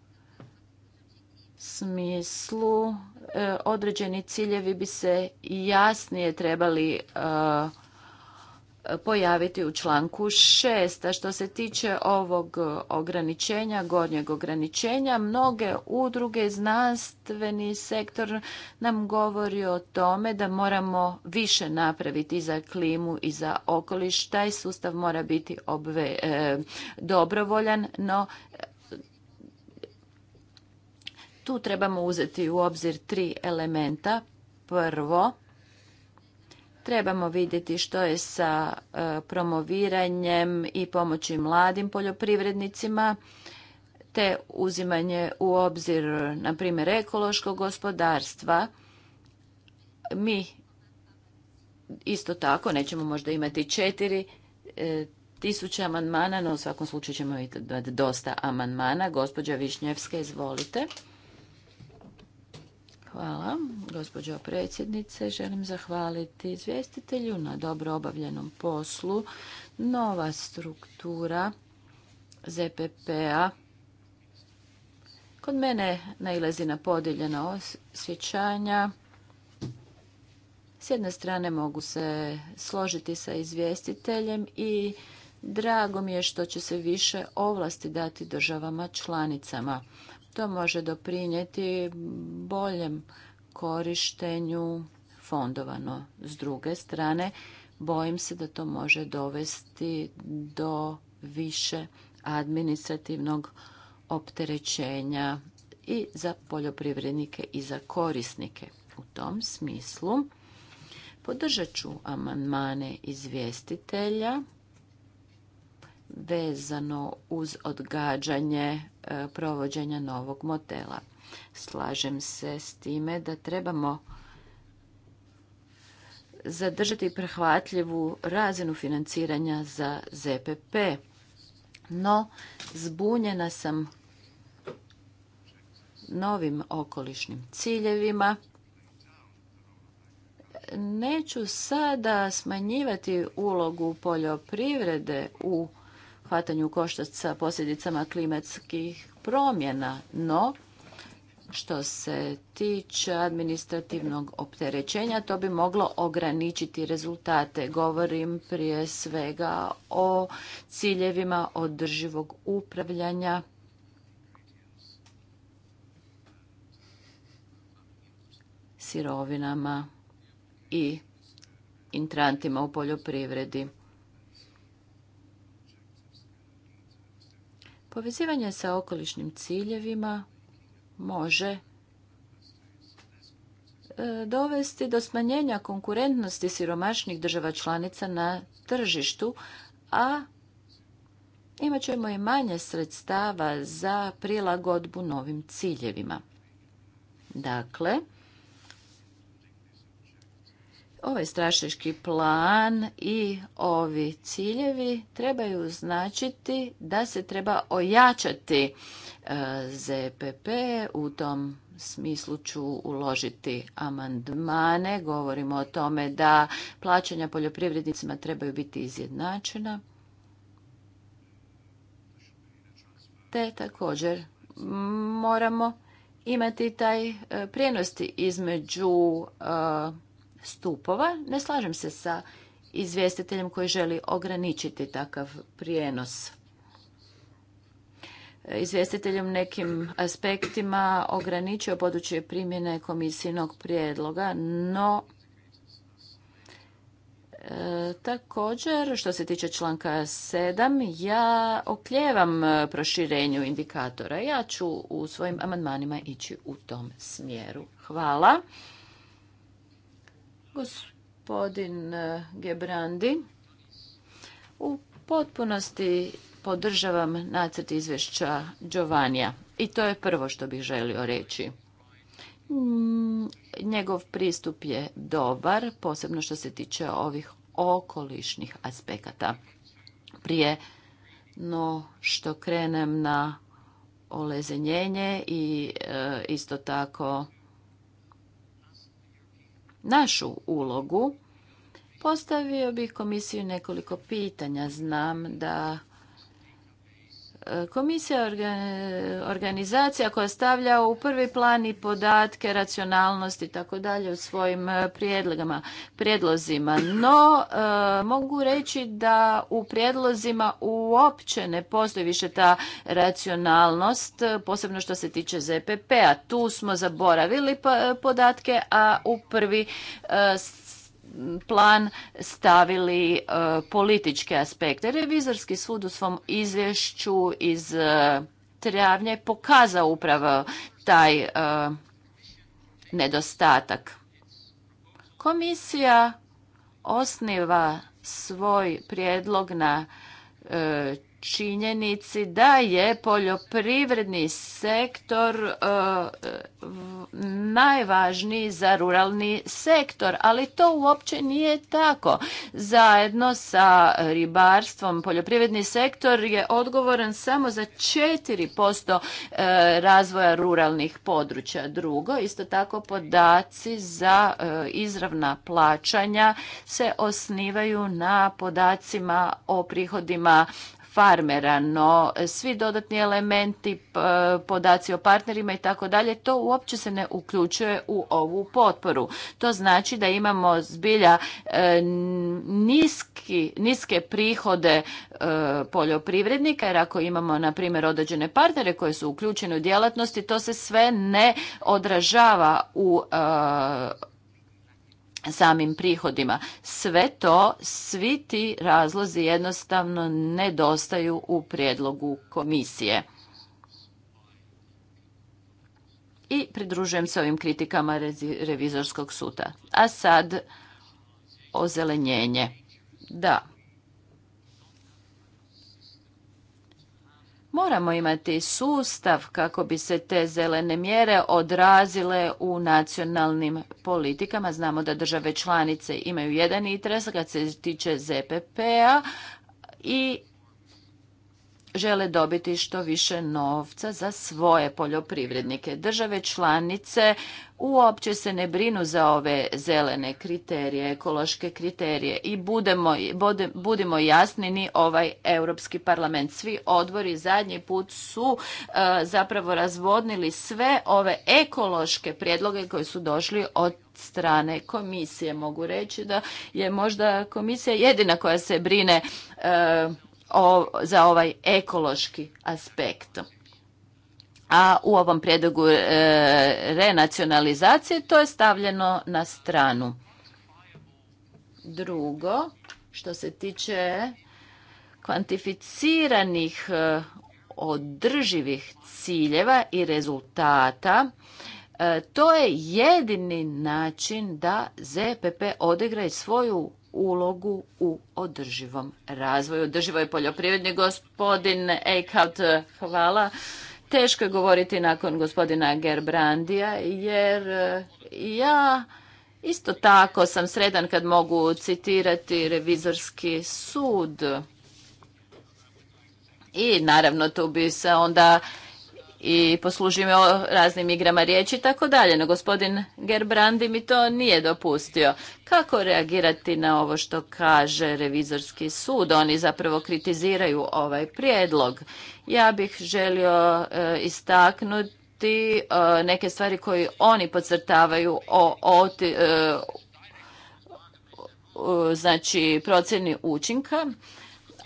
smislu e, određeni ciljevi bi se jasnije trebali e, pojaviti u članku 6. A što se tiče ovog ograničenja, gornjeg ograničenja, mnoge udruge, znanstveni sektor nam govori o tome da moramo više napraviti za klimu i za okoliš. Taj sustav mora biti obve, e, dobrovoljan, no tu trebamo uzeti u obzir tri elementa. Prvo, trebamo vidjeti što je sa e, promoviranjem i pomoći mladim poljoprivrednicima te uzimanje u obzir na primjer ekološkog gospodarstva mi isto tako nećemo možda imati četiri e, tisuće amandmana no u svakom slučaju ćemo imati dosta amandmana gospođa Višnjevska izvolite Hvala, gospođo predsjednice. Želim zahvaliti izvjestitelju na dobro obavljenom poslu. Nova struktura ZPP-a kod mene nailazi na podijeljena osjećanja. S jedne strane mogu se složiti sa izvjestiteljem i drago mi je što će se više ovlasti dati državama članicama. To može doprinijeti boljem korištenju fondova, no s druge strane bojim se da to može dovesti do više administrativnog opterećenja i za poljoprivrednike i za korisnike. U tom smislu podržat ću amandmane izvjestitelja vezano uz odgađanje e, provođenja novog modela. Slažem se s time da trebamo zadržati prihvatljivu razinu financiranja za ZPP. No, zbunjena sam novim okolišnim ciljevima. Neću sada smanjivati ulogu poljoprivrede u hvatanju koštac sa posljedicama klimatskih promjena, no što se tiče administrativnog opterećenja, to bi moglo ograničiti rezultate. Govorim prije svega o ciljevima održivog upravljanja. sirovinama i intrantima u poljoprivredi. Povezivanje sa okolišnim ciljevima može e, dovesti do smanjenja konkurentnosti siromašnih država članica na tržištu, a imat ćemo i manje sredstava za prilagodbu novim ciljevima. Dakle, Ovaj strateški plan i ovi ciljevi trebaju značiti da se treba ojačati e, ZPP. U tom smislu ću uložiti amandmane. Govorimo o tome da plaćanja poljoprivrednicima trebaju biti izjednačena. Te također moramo imati taj e, prijenosti između e, stupova. Ne slažem se sa izvjestiteljem koji želi ograničiti takav prijenos izvjestiteljem nekim aspektima ograničio područje primjene komisijnog prijedloga, no e, također što se tiče članka 7 ja okljevam proširenju indikatora. Ja ću u svojim amandmanima ići u tom smjeru. Hvala. Gospodin e, Gebrandi, u potpunosti podržavam nacrt izvješća Giovanija i to je prvo što bih želio reći. Mm, njegov pristup je dobar, posebno što se tiče ovih okolišnih aspekata. Prije no što krenem na olezenjenje i e, isto tako našu ulogu, postavio bih komisiju nekoliko pitanja. Znam da Komisija organizacija koja stavlja u prvi plan i podatke, racionalnost i tako dalje u svojim e, prijedlozima. No, e, mogu reći da u prijedlozima uopće ne postoji više ta racionalnost, posebno što se tiče ZPP-a. Tu smo zaboravili podatke, a u prvi e, plan stavili e, političke aspekte. Revizorski sud u svom izvješću iz e, travnja je pokazao upravo taj e, nedostatak. Komisija osniva svoj prijedlog na činjenici da je poljoprivredni sektor e, najvažniji za ruralni sektor, ali to uopće nije tako. Zajedno sa ribarstvom poljoprivredni sektor je odgovoran samo za 4% e, razvoja ruralnih područja. Drugo, isto tako podaci za e, izravna plaćanja se osnivaju na podacima o prihodima farmera, no svi dodatni elementi, podaci o partnerima i tako dalje, to uopće se ne uključuje u ovu potporu. To znači da imamo zbilja e, niski, niske prihode e, poljoprivrednika, jer ako imamo, na primjer, određene partnere koje su uključene u djelatnosti, to se sve ne odražava u e, samim prihodima. Sve to, svi ti razlozi jednostavno nedostaju u prijedlogu komisije. I pridružujem se ovim kritikama revizorskog suda. A sad ozelenjenje. Da, Moramo imati sustav kako bi se te zelene mjere odrazile u nacionalnim politikama. Znamo da države članice imaju jedan interes kad se tiče ZPP-a i žele dobiti što više novca za svoje poljoprivrednike. Države članice uopće se ne brinu za ove zelene kriterije, ekološke kriterije i budemo, budimo jasni ni ovaj Europski parlament. Svi odbori zadnji put su e, zapravo razvodnili sve ove ekološke prijedloge koji su došli od strane komisije. Mogu reći da je možda komisija jedina koja se brine e, za ovaj ekološki aspekt a u ovom prijedlogu e, renacionalizacije to je stavljeno na stranu. Drugo, što se tiče kvantificiranih e, održivih ciljeva i rezultata, e, to je jedini način da ZPP odigra svoju ulogu u održivom razvoju. Održivo je poljoprivredni gospodin Eichhardt, hvala Teško je govoriti nakon gospodina Gerbrandija jer e, ja isto tako sam sredan kad mogu citirati revizorski sud. I naravno tu bi se onda i o raznim igrama riječi i tako dalje. No gospodin Gerbrandi mi to nije dopustio. Kako reagirati na ovo što kaže revizorski sud? Oni zapravo kritiziraju ovaj prijedlog. Ja bih želio e, istaknuti e, neke stvari koje oni podcrtavaju o, e, znači procjeni učinka.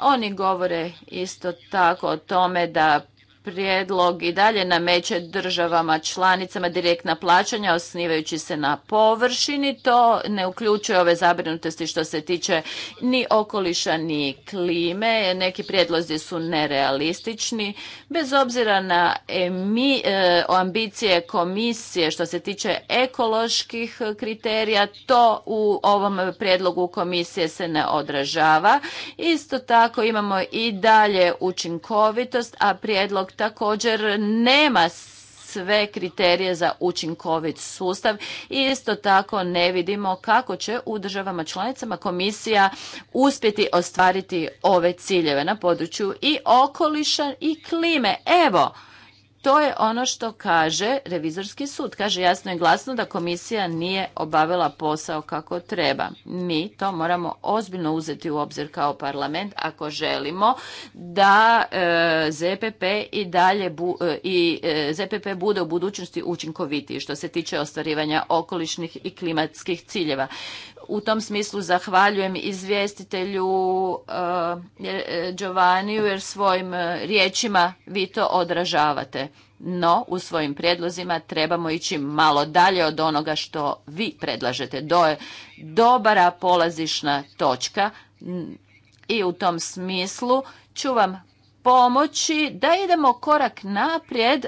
Oni govore isto tako o tome da prijedlog i dalje nameće državama članicama direktna plaćanja osnivajući se na površini. To ne uključuje ove zabrinutosti što se tiče ni okoliša ni klime. Neki prijedlozi su nerealistični. Bez obzira na e, ambicije komisije što se tiče ekoloških kriterija, to u ovom prijedlogu komisije se ne odražava. Isto tako imamo i dalje učinkovitost, a prijedlog također nema sve kriterije za učinkovit sustav i isto tako ne vidimo kako će u državama članicama komisija uspjeti ostvariti ove ciljeve na području i okoliša i klime. Evo, to je ono što kaže revizorski sud. Kaže jasno i glasno da komisija nije obavila posao kako treba. Mi to moramo ozbiljno uzeti u obzir kao parlament ako želimo da e, ZPP i dalje e, i e, ZPP bude u budućnosti učinkovitiji što se tiče ostvarivanja okolišnih i klimatskih ciljeva. U tom smislu zahvaljujem izvjestitelju eh, eh, Giovanniju jer svojim eh, riječima vi to odražavate. No, u svojim prijedlozima trebamo ići malo dalje od onoga što vi predlažete. To je dobra polazišna točka i u tom smislu ću vam pomoći da idemo korak naprijed,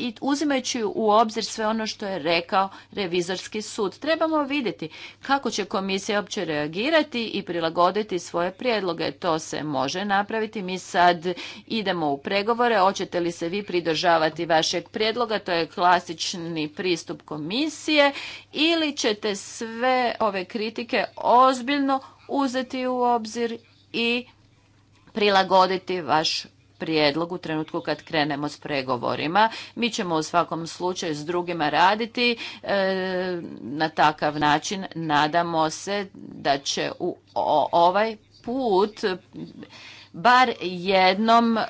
i uzimajući u obzir sve ono što je rekao revizorski sud. Trebamo vidjeti kako će komisija opće reagirati i prilagoditi svoje prijedloge. To se može napraviti. Mi sad idemo u pregovore. Hoćete li se vi pridržavati vašeg prijedloga? To je klasični pristup komisije. Ili ćete sve ove kritike ozbiljno uzeti u obzir i prilagoditi vaš prijedlog u trenutku kad krenemo s pregovorima. Mi ćemo u svakom slučaju s drugima raditi e, na takav način. Nadamo se da će u ovaj put bar jednom e,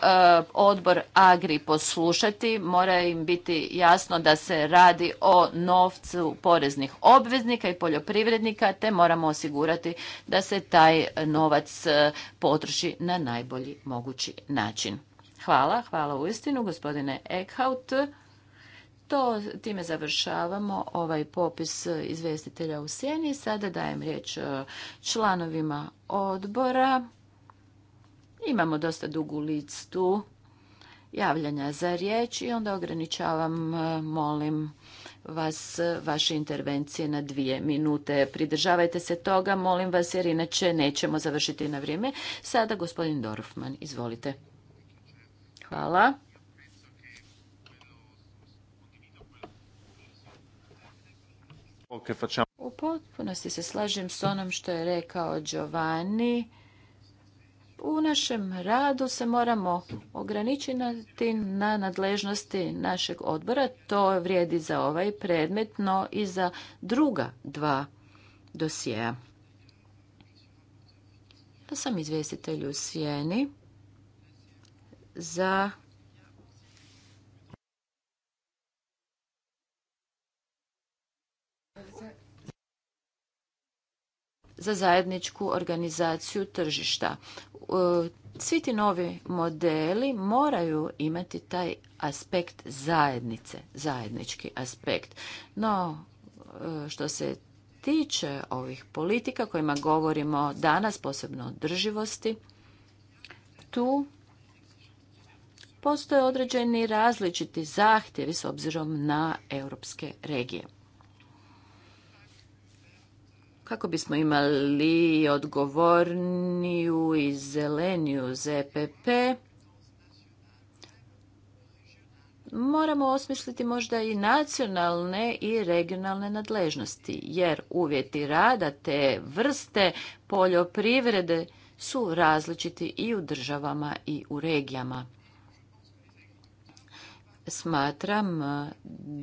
odbor Agri poslušati. Mora im biti jasno da se radi o novcu poreznih obveznika i poljoprivrednika, te moramo osigurati da se taj novac e, potroši na najbolji mogući način. Hvala, hvala u istinu, gospodine Eckhout. To, time završavamo ovaj popis izvjestitelja u sjeni. Sada dajem riječ e, članovima odbora. Imamo dosta dugu listu javljanja za riječ i onda ograničavam, e, molim vas, e, vaše intervencije na dvije minute. Pridržavajte se toga, molim vas, jer inače nećemo završiti na vrijeme. Sada gospodin Dorfman, izvolite. Hvala. Pa U potpunosti se slažem s onom što je rekao Giovanni u našem radu se moramo ograničiti na nadležnosti našeg odbora. To vrijedi za ovaj predmet, no i za druga dva dosjeja. Ja sam izvjestitelj u Sijeni za za zajedničku organizaciju tržišta. E, svi ti novi modeli moraju imati taj aspekt zajednice, zajednički aspekt. No, e, što se tiče ovih politika kojima govorimo danas, posebno održivosti, tu postoje određeni različiti zahtjevi s obzirom na europske regije kako bismo imali odgovorniju i zeleniju ZPP, moramo osmisliti možda i nacionalne i regionalne nadležnosti, jer uvjeti rada te vrste poljoprivrede su različiti i u državama i u regijama smatram e,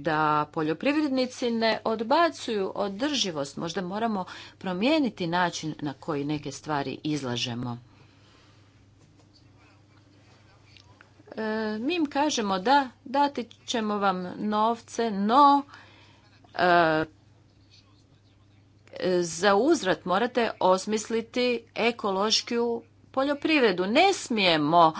da poljoprivrednici ne odbacuju održivost. Možda moramo promijeniti način na koji neke stvari izlažemo. E, mi im kažemo da, dati ćemo vam novce, no e, za uzrat morate osmisliti ekološku poljoprivredu. Ne smijemo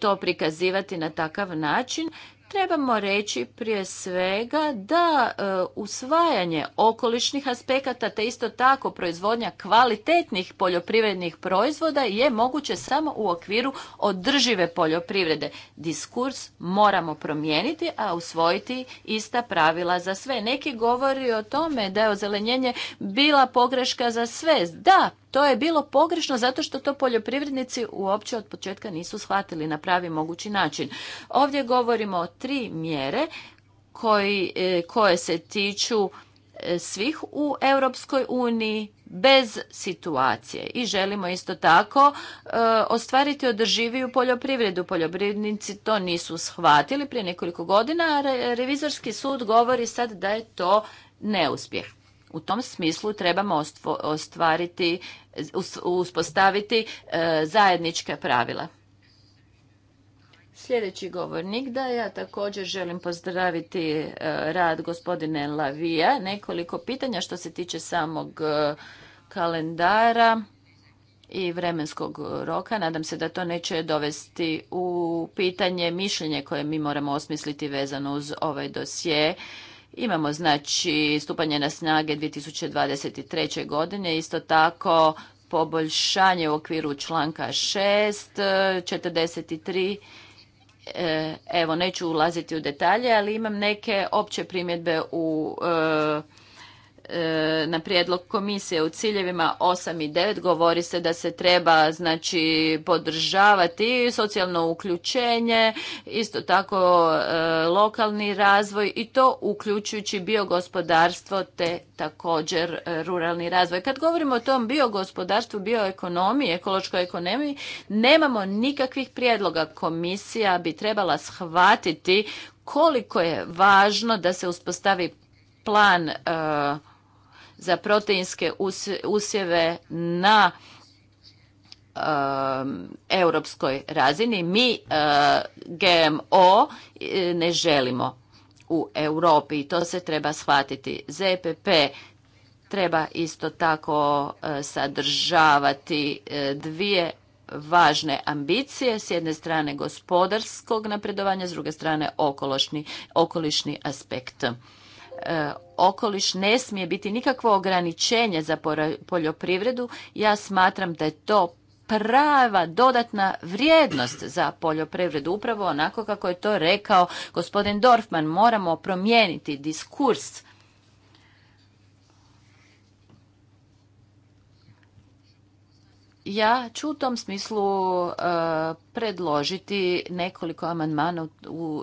to prikazivati na takav način trebamo reći prije svega da e, usvajanje okolišnih aspekata te isto tako proizvodnja kvalitetnih poljoprivrednih proizvoda je moguće samo u okviru održive poljoprivrede. Diskurs moramo promijeniti, a usvojiti ista pravila za sve. Neki govori o tome da je ozelenjenje bila pogreška za sve. Da, to je bilo pogrešno zato što to poljoprivrednici uopće od početka nisu shvatili na pravi mogući način. Ovdje govorimo o tri mjere koji, e, koje se tiču e, svih u Europskoj uniji bez situacije i želimo isto tako e, ostvariti održiviju poljoprivredu. Poljoprivrednici to nisu shvatili prije nekoliko godina, a revizorski sud govori sad da je to neuspjeh. U tom smislu trebamo ostvariti, uspostaviti e, zajednička pravila. Sljedeći govornik da ja također želim pozdraviti e, rad gospodine Lavija. Nekoliko pitanja što se tiče samog e, kalendara i vremenskog roka. Nadam se da to neće dovesti u pitanje mišljenje koje mi moramo osmisliti vezano uz ovaj dosje. Imamo znači stupanje na snage 2023. godine, isto tako poboljšanje u okviru članka 6, 43 E, evo neću ulaziti u detalje, ali imam neke opće primjedbe u e, E, na prijedlog komisije u ciljevima 8 i 9 govori se da se treba znači podržavati socijalno uključenje, isto tako e, lokalni razvoj i to uključujući biogospodarstvo te također e, ruralni razvoj. Kad govorimo o tom biogospodarstvu, bioekonomiji, ekološkoj ekonomiji, nemamo nikakvih prijedloga. Komisija bi trebala shvatiti koliko je važno da se uspostavi plan za proteinske usjeve na um, europskoj razini. Mi uh, GMO uh, ne želimo u Europi i to se treba shvatiti. ZPP e treba isto tako uh, sadržavati dvije važne ambicije, s jedne strane gospodarskog napredovanja, s druge strane okolišni aspekt. E, okoliš ne smije biti nikakvo ograničenje za poljoprivredu. Ja smatram da je to prava dodatna vrijednost za poljoprivredu. Upravo onako kako je to rekao gospodin Dorfman, moramo promijeniti diskurs Ja ću u tom smislu e, predložiti nekoliko amandmana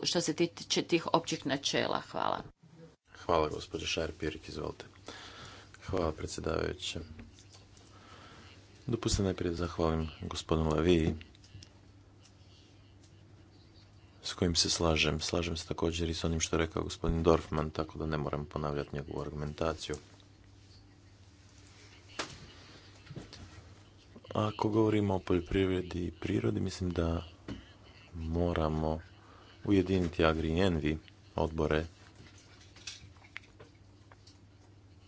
što se tiče tih općih načela. Hvala. Hvala, gospođo Šarpirik, izvolite. Hvala, predsjedavajuće. Dopustite najprije zahvalim gospodinu Leviji s kojim se slažem. Slažem se također i s onim što je rekao gospodin Dorfman, tako da ne moram ponavljati njegovu argumentaciju. Ako govorimo o poljoprivredi i prirodi, mislim da moramo ujediniti Agri i Envi odbore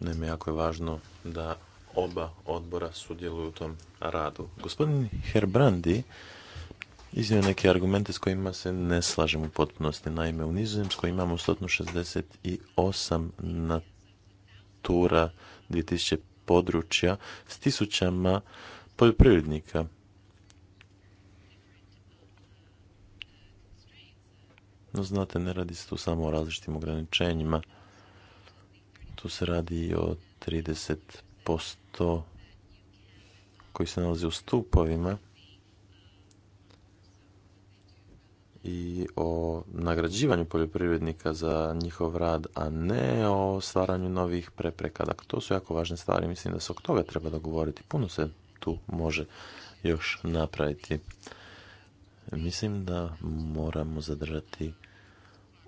Naime, jako je važno da oba odbora sudjeluju u tom radu. Gospodin Herbrandi iznio neke argumente s kojima se ne slažem u potpunosti. Naime, u Nizozemskoj imamo 168 natura 2000 područja s tisućama poljoprivrednika. No znate, ne radi se tu samo o različitim ograničenjima. Tu se radi o 30% koji se nalazi u stupovima i o nagrađivanju poljoprivrednika za njihov rad, a ne o stvaranju novih prepreka. Dakle, to su jako važne stvari. Mislim da se oko toga treba dogovoriti. Puno se tu može još napraviti. Mislim da moramo zadržati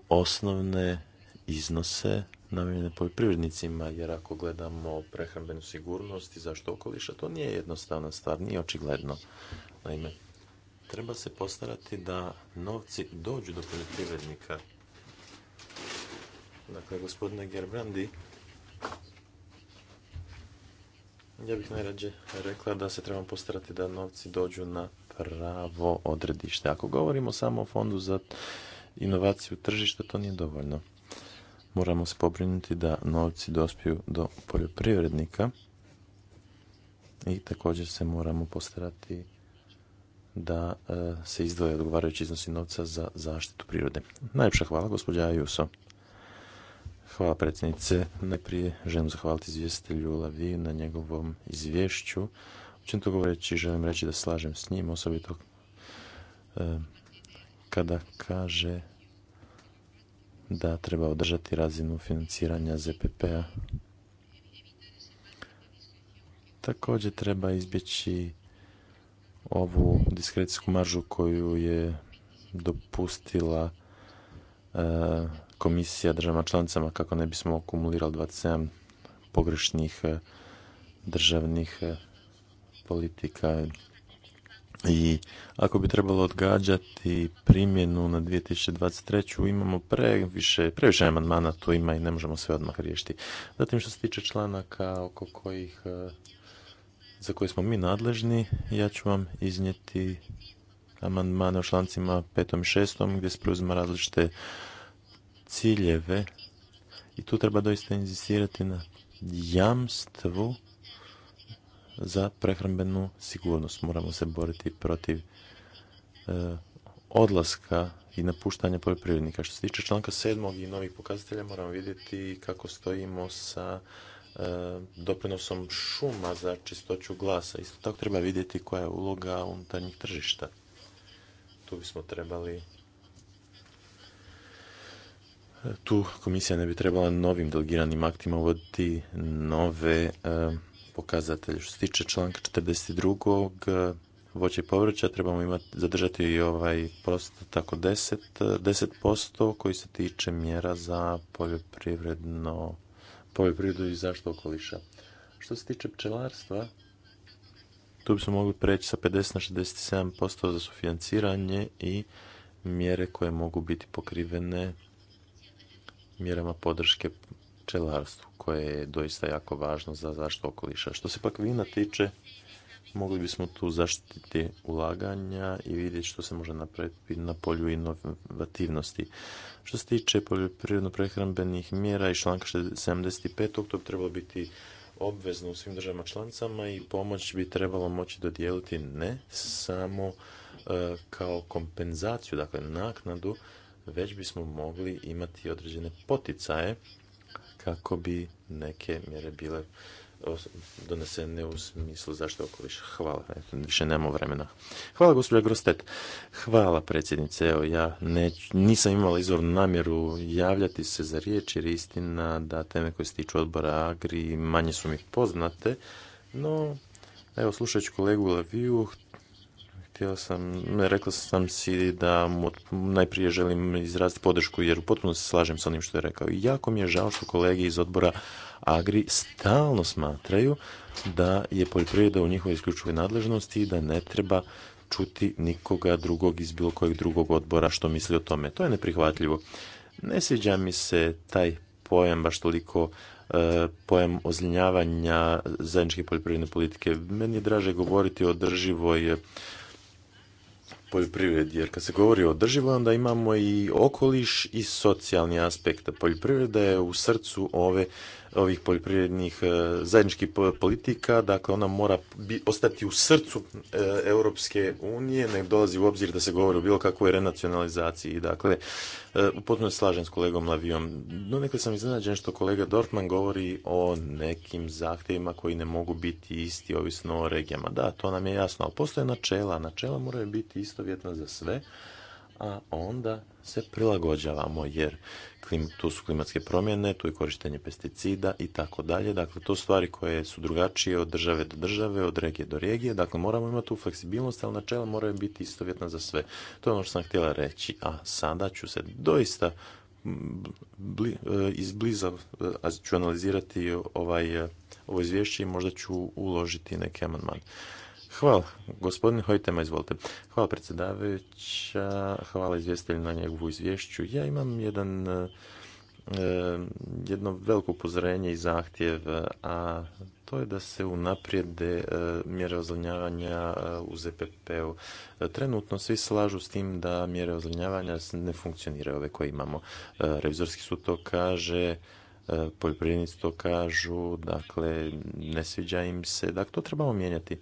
osnovne iznose namijenjene poljoprivrednicima, jer ako gledamo prehrambenu sigurnost i zašto okoliša, to nije jednostavna stvar, nije očigledno. Naime, treba se postarati da novci dođu do poljoprivrednika. Dakle, gospodine Gerbrandi, ja bih najrađe rekla da se trebamo postarati da novci dođu na pravo odredište. Ako govorimo samo o fondu za inovaciju tržišta, to nije dovoljno. Moramo se pobrinuti da novci dospiju do poljoprivrednika i također se moramo postarati da e, se izdvoje odgovarajući iznosi novca za zaštitu prirode. Najljepša hvala, gospođa Ajuso. Hvala predsjednice. Najprije želim zahvaliti izvjestitelju Lavi na njegovom izvješću. Učin to govoreći želim reći da slažem s njim, osobito e, kada kaže da treba održati razinu financiranja ZPP-a. Također treba izbjeći ovu diskrecijsku maržu koju je dopustila e, komisija državama članicama kako ne bismo akumulirali 27 pogrešnih e, državnih e, politika i ako bi trebalo odgađati primjenu na 2023. imamo previše, previše amandmana to ima i ne možemo sve odmah riješiti. Zatim što se tiče članaka oko kojih e, za koje smo mi nadležni, ja ću vam iznijeti amandmane u člancima 5. i 6. gdje se preuzima različite ciljeve i tu treba doista inzistirati na jamstvu za prehrambenu sigurnost. Moramo se boriti protiv e, odlaska i napuštanja poljoprivrednika. Što se tiče članka 7. i novih pokazatelja moramo vidjeti kako stojimo sa e, doprinosom šuma za čistoću glasa. Isto tako treba vidjeti koja je uloga unutarnjih tržišta. Tu bismo trebali e, tu komisija ne bi trebala novim delegiranim aktima uvoditi nove pokazatelj. Što se tiče članka 42. voće i povrća, trebamo imati, zadržati i ovaj postotak tako 10%, 10% koji se tiče mjera za poljoprivredno poljoprivredu i zaštitu okoliša. Što se tiče pčelarstva, tu bi smo mogli preći sa 50 na 67% za sufinanciranje i mjere koje mogu biti pokrivene mjerama podrške pčelarstvu koje je doista jako važno za zaštitu okoliša. Što se pak vina tiče, mogli bismo tu zaštititi ulaganja i vidjeti što se može napraviti na polju inovativnosti. Što se tiče poljoprivredno-prehrambenih mjera i članka 75. to bi trebalo biti obvezno u svim državama članicama i pomoć bi trebalo moći dodijeliti ne samo e, kao kompenzaciju, dakle naknadu, već bismo mogli imati određene poticaje kako bi neke mjere bile donesene u smislu zašto okoliš. Hvala, Eto, više nemamo vremena. Hvala, gospođa Grostet. Hvala, predsjednice. Evo, ja ne, nisam imala izvornu namjeru javljati se za riječ, jer istina da teme koje se tiču odbora Agri manje su mi poznate, no... Evo, slušajući kolegu Laviju, htio sam, rekla sam si da najprije želim izraziti podršku jer u se slažem sa onim što je rekao. I jako mi je žao što kolege iz odbora Agri stalno smatraju da je poljoprivreda u njihovoj isključivoj nadležnosti i da ne treba čuti nikoga drugog iz bilo kojeg drugog odbora što misli o tome. To je neprihvatljivo. Ne sviđa mi se taj pojam baš toliko e, pojem ozljenjavanja zajedničke poljoprivredne politike. Meni je draže govoriti o drživoj poljoprivredi, jer kad se govori o održivo, onda imamo i okoliš i socijalni aspekt. Poljoprivreda je u srcu ove ovih poljoprivrednih e, zajedničkih politika, dakle ona mora ostati u srcu e, Europske unije, ne dolazi u obzir da se govori o bilo kakvoj renacionalizaciji. Dakle, e, upotno slažem s kolegom Lavijom. No, nekada sam iznenađen što kolega Dortman govori o nekim zahtjevima koji ne mogu biti isti ovisno o regijama. Da, to nam je jasno, ali postoje načela. Načela moraju biti istovjetna za sve, a onda se prilagođavamo, jer klim, tu su klimatske promjene, tu je korištenje pesticida i tako dalje. Dakle, to su stvari koje su drugačije od države do države, od regije do regije. Dakle, moramo imati tu fleksibilnost, ali načela moraju biti istovjetna za sve. To je ono što sam htjela reći. A sada ću se doista izblizav, e, izbliza e, ću analizirati ovaj, e, ovo izvješće i možda ću uložiti neke amandmane. Hvala. Gospodin Hojtema, izvolite. Hvala predsjedavajuća, hvala izvjestitelju na njegovu izvješću. Ja imam jedan e, jedno veliko upozorenje i zahtjev, a to je da se unaprijede e, mjere ozlinjavanja e, u ZPP-u. Trenutno svi slažu s tim da mjere ozlinjavanja ne funkcionira ove koje imamo. Revizorski sud to kaže, poljoprivrednici to kažu, dakle ne sviđa im se, dakle to trebamo mijenjati.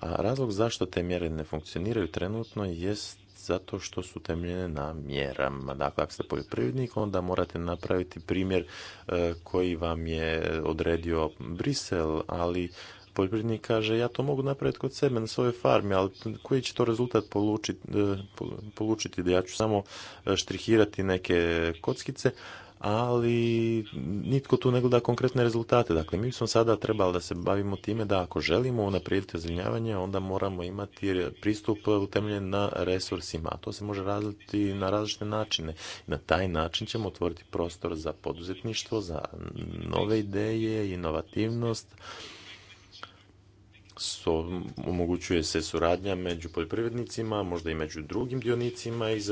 A razlog zašto te mjere ne funkcioniraju trenutno jest zato što su temeljene na mjerama. Dakle, ako ste poljoprivrednik, onda morate napraviti primjer e, koji vam je odredio Brisel, ali poljoprivrednik kaže ja to mogu napraviti kod sebe na svojoj farmi, ali koji će to rezultat polučiti, e, polučiti da ja ću samo e, štrihirati neke kockice, ali nitko tu ne gleda konkretne rezultate. Dakle, mi smo sada trebali da se bavimo time da ako želimo unaprijediti ozimljavanje, onda moramo imati pristup utemljen na resursima. A to se može razliti na različite načine. Na taj način ćemo otvoriti prostor za poduzetništvo, za nove ideje, inovativnost, so, omogućuje se suradnja među poljoprivrednicima, možda i među drugim dionicima iz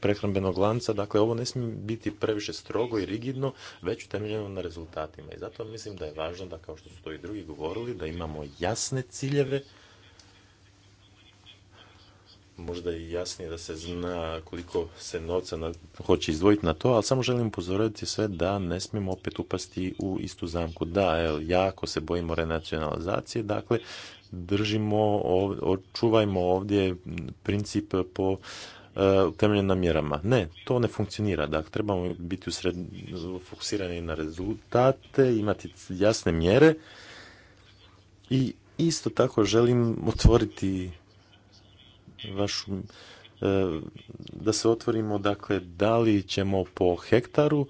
prehrambenog lanca. Dakle, ovo ne smije biti previše strogo i rigidno, već utemeljeno na rezultatima. I zato mislim da je važno da, kao što su to i drugi govorili, da imamo jasne ciljeve možda i jasnije da se zna koliko se novca na, hoće izdvojiti na to, ali samo želim upozoriti sve da ne smijemo opet upasti u istu zamku. Da, jako se bojimo renacionalizacije, dakle, držimo, očuvajmo ovdje princip po e, temeljen na mjerama. Ne, to ne funkcionira. Dakle, trebamo biti usred, fokusirani na rezultate, imati jasne mjere i isto tako želim otvoriti vašu e, da se otvorimo, dakle, da li ćemo po hektaru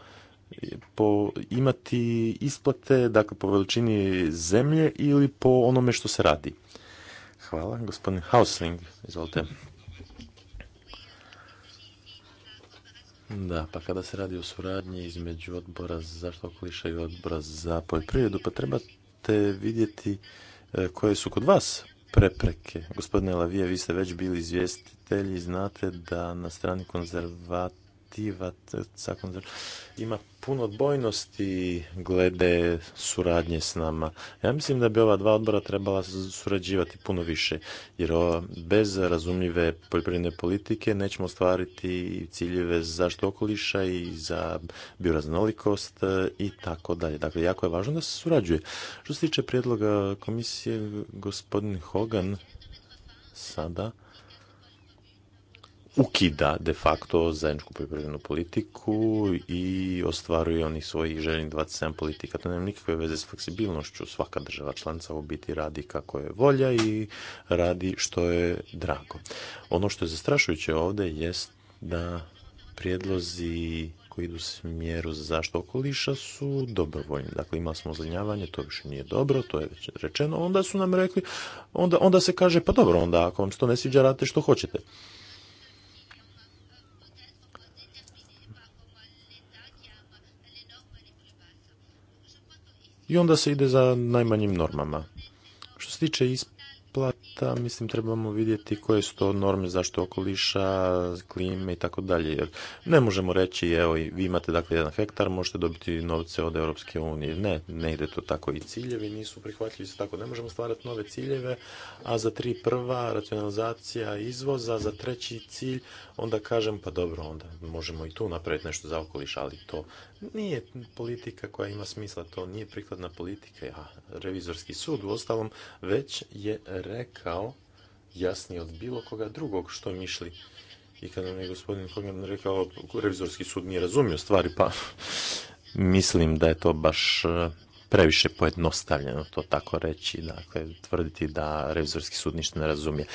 e, po imati isplate, dakle, po veličini zemlje ili po onome što se radi. Hvala. Gospodin Hausling, izvolite. Da, pa kada se radi o suradnji između odbora za zaštitu okoliša i odbora za poljoprivredu, pa trebate vidjeti e, koje su kod vas prepreke. Gospodine Lavije, vi ste već bili izvjestitelji, znate da na strani konzervat ima puno odbojnosti glede suradnje s nama. Ja mislim da bi ova dva odbora trebala surađivati puno više, jer bez razumljive poljoprivredne politike nećemo ostvariti ciljeve za okoliša i za bioraznolikost e, i tako dalje. Dakle, jako je važno da se surađuje. Što se tiče prijedloga komisije, gospodin Hogan sada ukida de facto zajedničku poljoprivrednu politiku i ostvaruje onih svojih željenih 27 politika. To nema nikakve veze s fleksibilnošću. Svaka država članica u biti radi kako je volja i radi što je drago. Ono što je zastrašujuće ovdje jest da prijedlozi koji idu smjeru za zaštitu okoliša su dobrovoljni. Dakle, imali smo ozlinjavanje, to više nije dobro, to je već rečeno. Onda su nam rekli, onda, onda se kaže, pa dobro, onda ako vam se to ne sviđa, radite što hoćete. i onda se ide za najmanjim normama. Što se tiče isplata, mislim trebamo vidjeti koje su to norme zašto okoliša, klime i tako dalje. Jer ne možemo reći, evo, vi imate dakle jedan hektar, možete dobiti novce od Europske unije. Ne, ne ide to tako i ciljevi nisu prihvatljivi se tako. Ne možemo stvarati nove ciljeve, a za tri prva racionalizacija izvoza, za treći cilj, onda kažem, pa dobro, onda možemo i tu napraviti nešto za okoliš, ali to nije politika koja ima smisla, to nije prikladna politika. a revizorski sud u već je rekao jasnije od bilo koga drugog što mišli. I kada nam je gospodin Hogan rekao, revizorski sud nije razumio stvari, pa mislim da je to baš previše pojednostavljeno to tako reći, dakle, tvrditi da revizorski sud ništa ne razumije.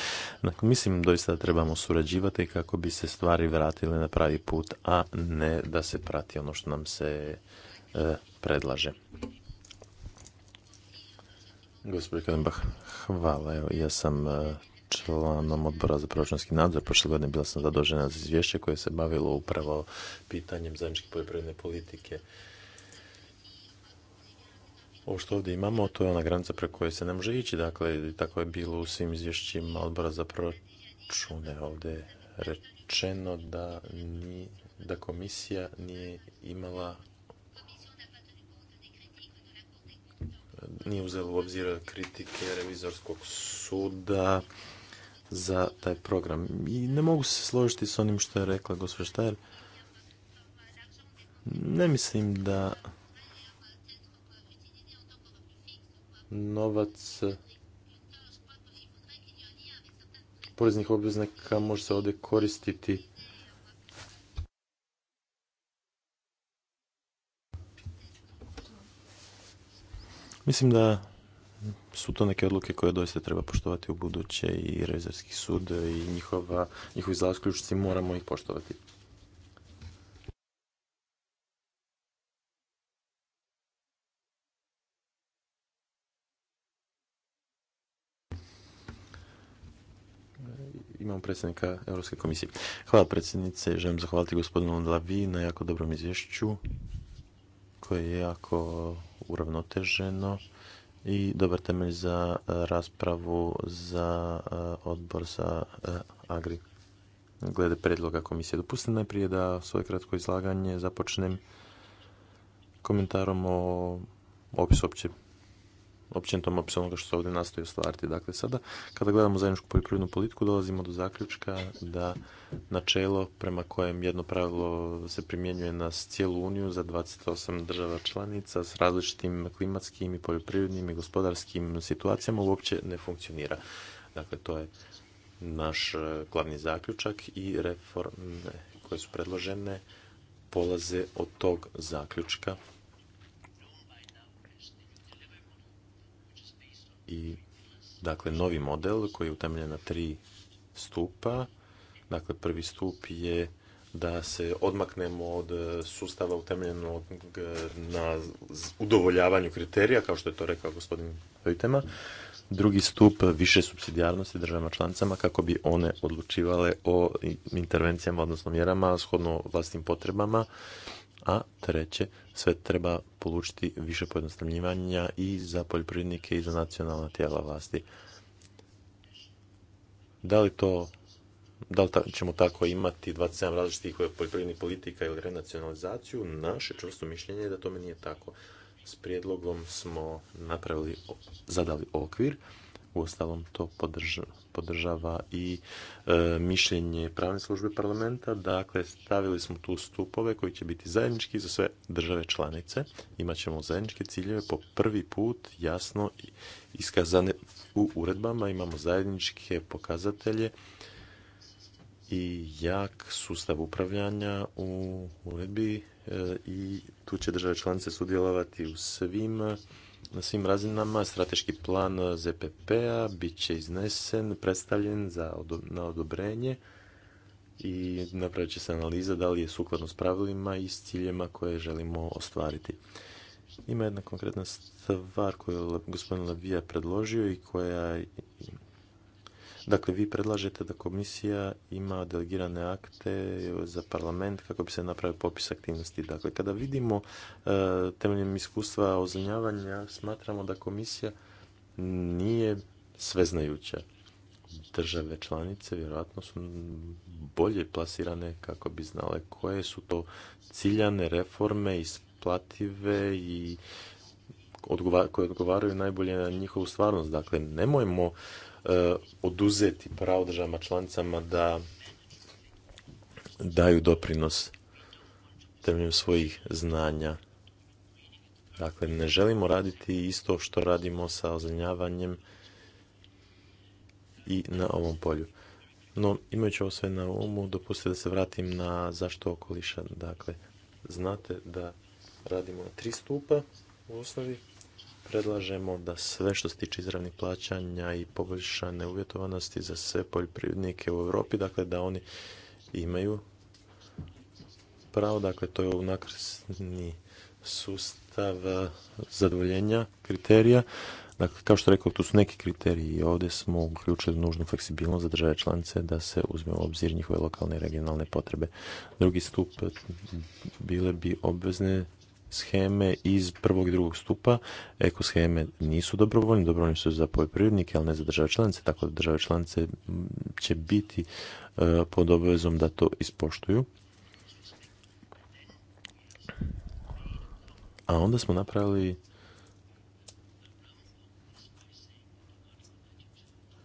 Dakle, mislim doista da trebamo surađivati kako bi se stvari vratile na pravi put, a ne da se prati ono što nam se e, predlaže. Gospodin Kadenbach, hvala. Evo, ja sam e, članom odbora za proračunski nadzor. Prošle godine bila sam zadužena za izvješće koje se bavilo upravo pitanjem zajedničke poljoprivredne politike. Ovo što ovdje imamo, to je ona granica preko koje se ne može ići. Dakle, tako je bilo u svim izvješćima odbora za proračune. Ovdje rečeno da, ni, da komisija nije imala nije uzela u obzir kritike revizorskog suda za taj program. I ne mogu se složiti s onim što je rekla gospođa Štajer. Ne mislim da novac poreznih obveznika može se ovdje koristiti Mislim da su to neke odluke koje doista treba poštovati u buduće i revizorski sud i njihova, njihovi zaključci moramo ih poštovati. predsjednika Europske komisije. Hvala predsjednice, želim zahvaliti gospodinu Lavi na jako dobrom izvješću koje je jako uravnoteženo i dobar temelj za raspravu za eh, odbor za eh, Agri. Glede predloga komisije. Dopustite najprije da svoje kratko izlaganje započnem komentarom o opisu opće općenitom opisu onoga što se ovdje nastoji ostvariti. Dakle, sada kada gledamo zajedničku poljoprivrednu politiku dolazimo do zaključka da načelo prema kojem jedno pravilo se primjenjuje na cijelu Uniju za 28 država članica s različitim klimatskim i poljoprivrednim i gospodarskim situacijama uopće ne funkcionira. Dakle, to je naš e, glavni zaključak i reforme koje su predložene polaze od tog zaključka i dakle novi model koji je utemeljen na tri stupa. Dakle, prvi stup je da se odmaknemo od e, sustava utemeljenog e, na udovoljavanju kriterija, kao što je to rekao gospodin Vojtema. Drugi stup više subsidijarnosti državama članicama kako bi one odlučivale o intervencijama, odnosno mjerama shodno vlastnim potrebama a treće, sve treba polučiti više pojednostavljivanja i za poljoprivrednike i za nacionalna tijela vlasti. Da li to da li ćemo tako imati 27 različitih poljoprivrednih politika ili renacionalizaciju, naše čvrsto mišljenje je da tome nije tako. S prijedlogom smo napravili, zadali okvir Uostalom to podržava i e, mišljenje pravne službe parlamenta. Dakle, stavili smo tu stupove koji će biti zajednički za sve države članice. Imaćemo zajedničke ciljeve po prvi put jasno iskazane u uredbama. Imamo zajedničke pokazatelje i jak sustav upravljanja u uredbi e, i tu će države članice sudjelovati u svim na svim razinama strateški plan ZPP-a bit će iznesen, predstavljen za, na odobrenje i napravit će se analiza da li je sukladno s pravilima i s koje želimo ostvariti. Ima jedna konkretna stvar koju je gospodin Lavija predložio i koja Dakle, vi predlažete da komisija ima delegirane akte za parlament kako bi se napravio popis aktivnosti. Dakle, kada vidimo e, temeljem iskustva ozlinjavanja, smatramo da komisija nije sveznajuća. Države članice vjerojatno su bolje plasirane kako bi znale koje su to ciljane reforme isplative i koje odgovaraju najbolje na njihovu stvarnost. Dakle, nemojmo Eh, oduzeti pravo državama članicama da daju doprinos temeljem svojih znanja. Dakle, ne želimo raditi isto što radimo sa ozljenjavanjem i na ovom polju. No, imajući ovo sve na umu, dopustite da se vratim na zašto okoliša. Dakle, znate da radimo na tri stupa u osnovi predlažemo da sve što se tiče izravnih plaćanja i poboljšane uvjetovanosti za sve poljoprivrednike u Europi, dakle da oni imaju pravo, dakle to je unakrsni sustav zadovoljenja kriterija. Dakle, kao što rekao, tu su neki kriteriji i ovdje smo uključili nužnu fleksibilnost za države članice da se uzme u obzir njihove lokalne i regionalne potrebe. Drugi stup bile bi obvezne sheme iz prvog i drugog stupa. Eko sheme nisu dobrovoljne, dobrovoljne su za poljoprivrednike, ali ne za države članice, tako da države članice će biti e, pod obvezom da to ispoštuju. A onda smo napravili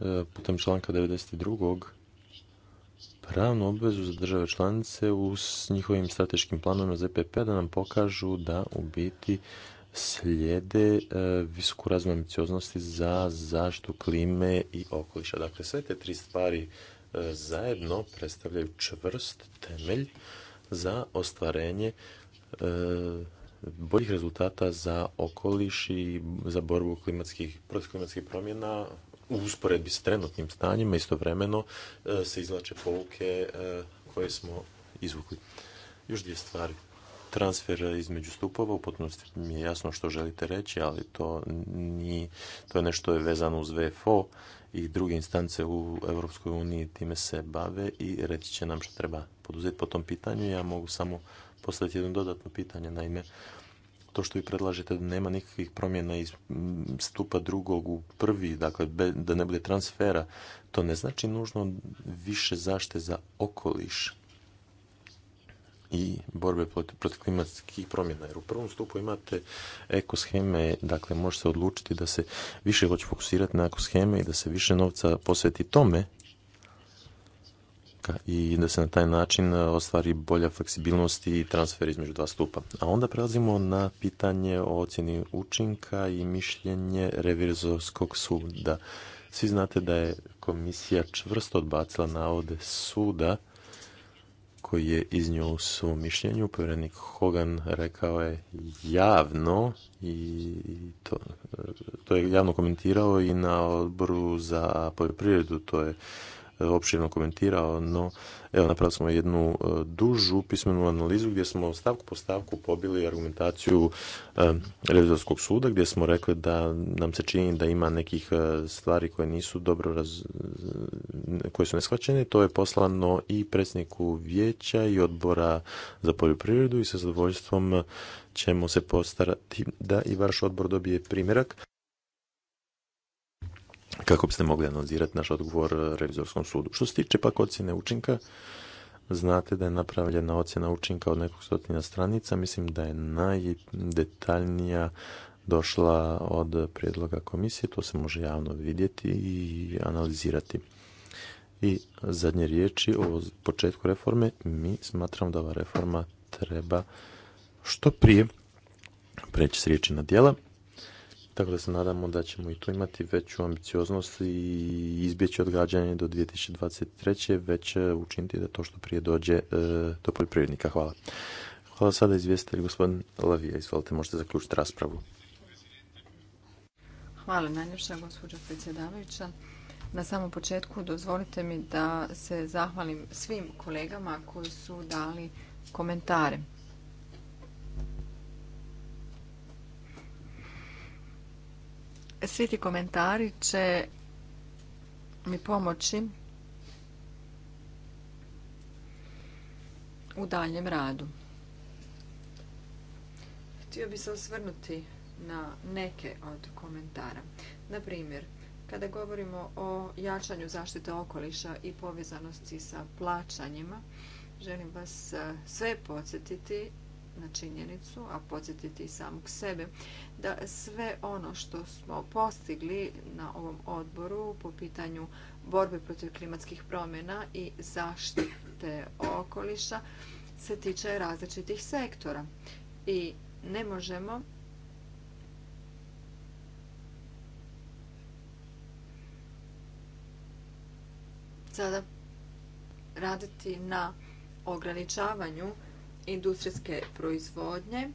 e, putem članka 92 pravnu obvezu za države članice u njihovim strateškim planovima EPP da nam pokažu da u biti slijede e, visoku razvoju ambicioznosti za zaštitu klime i okoliša. Dakle, sve te tri stvari e, zajedno predstavljaju čvrst temelj za ostvarenje e, boljih rezultata za okoliš i za borbu klimatskih, protiv klimatskih promjena u usporedbi s trenutnim stanjima istovremeno e, se izlače poluke e, koje smo izvukli. Još dvije stvari. Transfer između stupova, u potpunosti mi je jasno što želite reći, ali to, nije, to je nešto je vezano uz VFO i druge instance u Europskoj uniji time se bave i reći će nam što treba poduzeti po tom pitanju. Ja mogu samo postaviti jedno dodatno pitanje, naime, to što vi predlažete da nema nikakvih promjena iz stupa drugog u prvi, dakle da ne bude transfera, to ne znači nužno više zašte za okoliš i borbe protiv klimatskih promjena. Jer u prvom stupu imate ekosheme, dakle može se odlučiti da se više hoće fokusirati na ekosheme i da se više novca posveti tome i da se na taj način e, ostvari bolja fleksibilnost i transfer između dva stupa. A onda prelazimo na pitanje o ocjeni učinka i mišljenje revizorskog suda. Svi znate da je komisija čvrsto odbacila navode suda koji je iznio u svom mišljenju. Povjerenik Hogan rekao je javno i to, e, to je javno komentirao i na odboru za poljoprivredu. To je opširno komentirao, no evo napravili smo jednu e, dužu pismenu analizu gdje smo stavku po stavku pobili argumentaciju e, revizorskog suda gdje smo rekli da nam se čini da ima nekih e, stvari koje nisu dobro raz... koje su neshvaćene. To je poslano i predsjedniku vijeća i odbora za poljoprivredu i sa zadovoljstvom ćemo se postarati da i vaš odbor dobije primjerak kako biste mogli analizirati naš odgovor e, revizorskom sudu. Što se tiče pak ocjene učinka, znate da je napravljena ocjena učinka od nekog stotina stranica, mislim da je najdetaljnija došla od prijedloga komisije, to se može javno vidjeti i analizirati. I zadnje riječi o početku reforme, mi smatramo da ova reforma treba što prije preći s riječi na dijela tako da se nadamo da ćemo i tu imati veću ambicioznost i izbjeći odgađanje do 2023. već e, učiniti da to što prije dođe e, do poljoprivrednika. Hvala. Hvala sada izvjestitelj gospodin Lavija. Izvolite, možete zaključiti raspravu. Hvala najljepša gospođa predsjedavajuća. Na samom početku dozvolite mi da se zahvalim svim kolegama koji su dali komentare. Svi ti komentari će mi pomoći u daljem radu. Htio bi se osvrnuti na neke od komentara. Na primjer, kada govorimo o jačanju zaštite okoliša i povezanosti sa plaćanjima, želim vas eh, sve podsjetiti na činjenicu, a podsjetiti i samog sebe, da sve ono što smo postigli na ovom odboru po pitanju borbe protiv klimatskih promjena i zaštite okoliša se tiče različitih sektora. I ne možemo sada raditi na ograničavanju industrijske proizvodnje,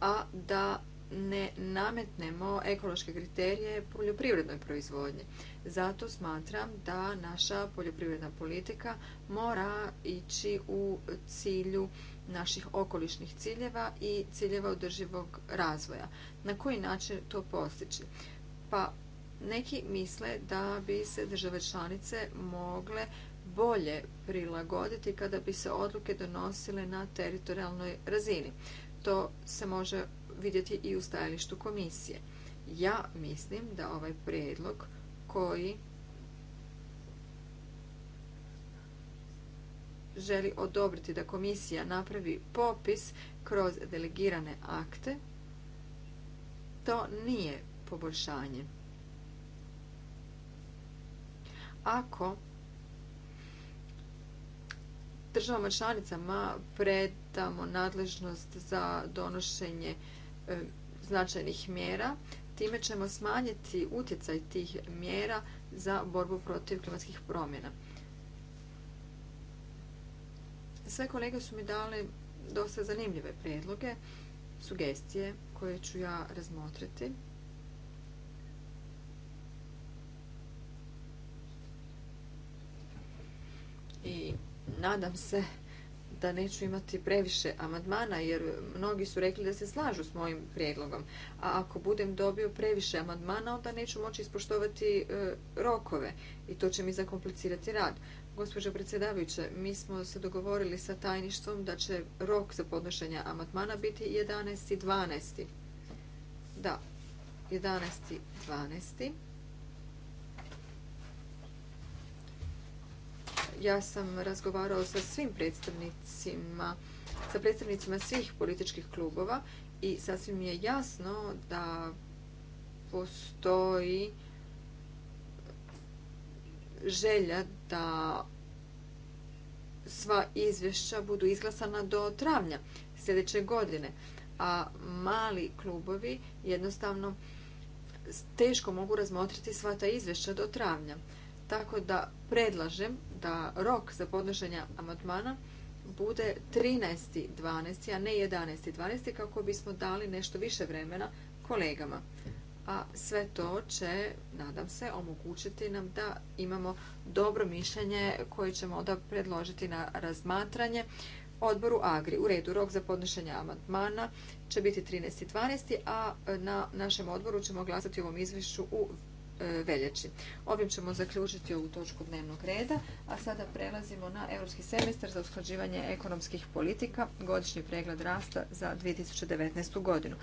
a da ne nametnemo ekološke kriterije poljoprivrednoj proizvodnji. Zato smatram da naša poljoprivredna politika mora ići u cilju naših okolišnih ciljeva i ciljeva održivog razvoja. Na koji način to postići? Pa neki misle da bi se države članice mogle bolje prilagoditi kada bi se odluke donosile na teritorijalnoj razini. To se može vidjeti i u stajalištu komisije. Ja mislim da ovaj prijedlog koji želi odobriti da komisija napravi popis kroz delegirane akte, to nije poboljšanje. Ako državama članicama predamo nadležnost za donošenje e, značajnih mjera, time ćemo smanjiti utjecaj tih mjera za borbu protiv klimatskih promjena. Sve kolege su mi dali dosta zanimljive prijedloge, sugestije koje ću ja razmotriti. I nadam se da neću imati previše amandmana jer mnogi su rekli da se slažu s mojim prijedlogom. A ako budem dobio previše amandmana onda neću moći ispoštovati e, rokove i to će mi zakomplicirati rad. Gospođo predsjedavajuće, mi smo se dogovorili sa tajništvom da će rok za podnošenje amandmana biti 11.12. Da, 11.12. Ja sam razgovarao sa svim predstavnicima, sa predstavnicima svih političkih klubova i sasvim je jasno da postoji želja da sva izvješća budu izglasana do travnja sljedeće godine. A mali klubovi jednostavno teško mogu razmotriti sva ta izvješća do travnja. Tako da predlažem da rok za podnošenje amandmana bude 13.12., a ne 11.12. kako bismo dali nešto više vremena kolegama. A sve to će, nadam se, omogućiti nam da imamo dobro mišljenje koje ćemo onda predložiti na razmatranje odboru Agri. U redu, rok za podnošenje amandmana će biti 13.12., a na našem odboru ćemo glasati u ovom izvješću u E, veljači. Ovim ćemo zaključiti ovu točku dnevnog reda, a sada prelazimo na Europski semestar za usklađivanje ekonomskih politika, godišnji pregled rasta za 2019. godinu.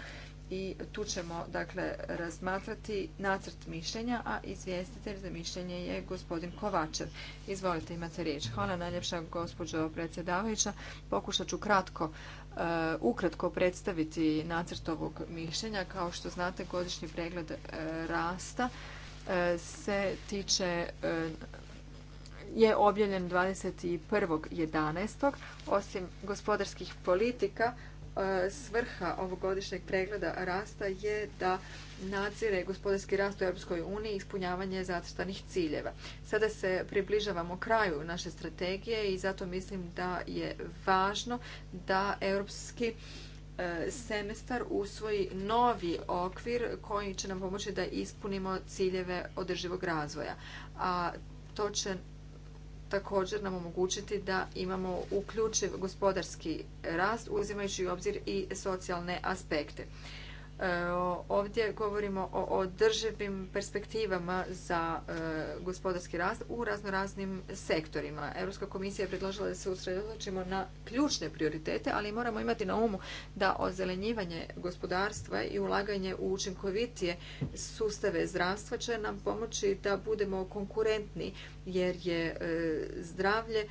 I tu ćemo dakle razmatrati nacrt mišljenja, a izvjestitelj za mišljenje je gospodin Kovačev. Izvolite, imate riječ. Hvala najljepša gospođo predsjedavajuća. Pokušat ću kratko e, ukratko predstaviti nacrt ovog mišljenja. Kao što znate, godišnji pregled e, rasta E, se tiče e, je objavljen 21.11. Osim gospodarskih politika, e, svrha godišnjeg pregleda rasta je da nadzire gospodarski rast u Europskoj uniji i ispunjavanje zacrtanih ciljeva. Sada se približavamo kraju naše strategije i zato mislim da je važno da europski E, semestar usvoji novi okvir koji će nam pomoći da ispunimo ciljeve održivog razvoja. A to će također nam omogućiti da imamo uključiv gospodarski rast uzimajući u obzir i socijalne aspekte. E, ovdje govorimo o održivim perspektivama za e, gospodarski rast u raznoraznim sektorima. Europska komisija je predložila da se usredotočimo na ključne prioritete, ali moramo imati na umu da ozelenjivanje gospodarstva i ulaganje u učinkovitije sustave zdravstva će nam pomoći da budemo konkurentni jer je e, zdravlje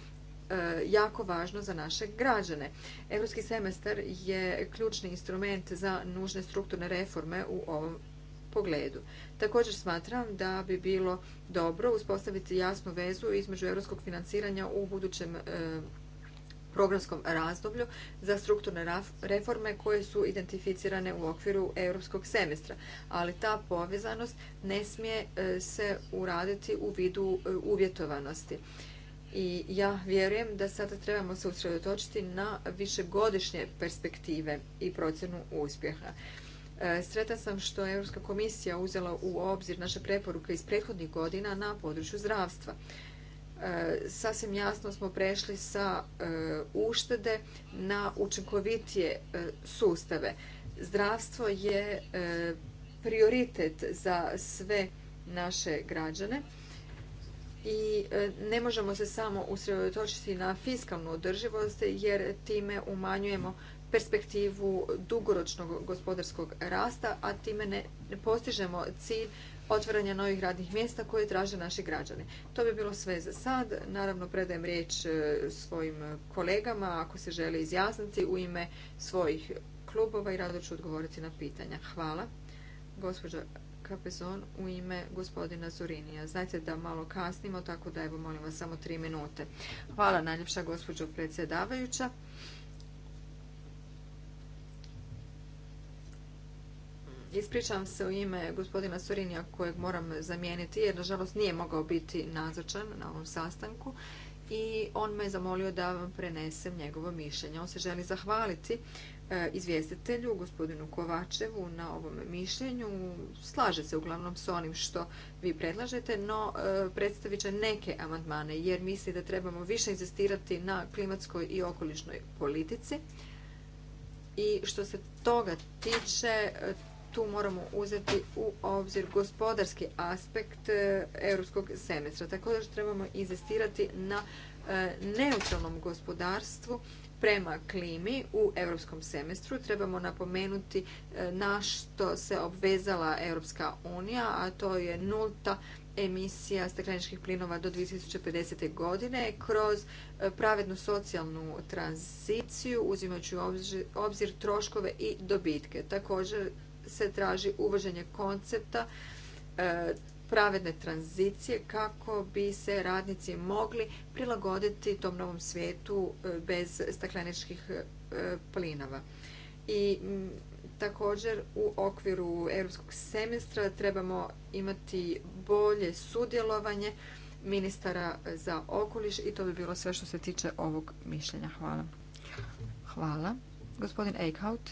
E, jako važno za naše građane. Europski semestar je ključni instrument za nužne strukturne reforme u ovom pogledu. Također smatram da bi bilo dobro uspostaviti jasnu vezu između europskog financiranja u budućem e, programskom razdoblju za strukturne reforme koje su identificirane u okviru europskog semestra. Ali ta povezanost ne smije e, se uraditi u vidu uvjetovanosti. I ja vjerujem da sada trebamo se usredotočiti na višegodišnje perspektive i procjenu uspjeha. E, sretan sam što je Europska komisija uzela u obzir naše preporuke iz prethodnih godina na području zdravstva. E, sasvim jasno smo prešli sa e, uštede na učinkovitije sustave. Zdravstvo je prioritet za sve naše građane i e, ne možemo se samo usredotočiti na fiskalnu održivost jer time umanjujemo perspektivu dugoročnog gospodarskog rasta, a time ne postižemo cilj otvaranja novih radnih mjesta koje traže naši građani. To bi bilo sve za sad. Naravno, predajem riječ e, svojim kolegama ako se žele izjasniti u ime svojih klubova i rado ću odgovoriti na pitanja. Hvala. Gospođa u ime gospodina Surinija. Znajte da malo kasnimo, tako da evo molim vas samo tri minute. Hvala najljepša gospođo predsjedavajuća. Ispričam se u ime gospodina Surinija kojeg moram zamijeniti jer nažalost nije mogao biti nazočan na ovom sastanku i on me zamolio da vam prenesem njegovo mišljenje. On se želi zahvaliti E, izvjestitelju, gospodinu Kovačevu, na ovom mišljenju. Slaže se uglavnom s onim što vi predlažete, no e, predstavit će neke amandmane, jer misli da trebamo više insistirati na klimatskoj i okolišnoj politici. I što se toga tiče, e, tu moramo uzeti u obzir gospodarski aspekt europskog semestra. Također trebamo inzistirati na neutralnom gospodarstvu prema klimi u europskom semestru. Trebamo napomenuti e, na što se obvezala Europska unija, a to je nulta emisija stakleničkih plinova do 2050. godine kroz e, pravednu socijalnu tranziciju uzimajući u obzir troškove i dobitke. Također se traži uvođenje koncepta e, pravedne tranzicije kako bi se radnici mogli prilagoditi tom novom svijetu e, bez stakleničkih e, plinova. I također u okviru europskog semestra trebamo imati bolje sudjelovanje ministara za okoliš i to bi bilo sve što se tiče ovog mišljenja. Hvala. Hvala. Gospodin Eichhout.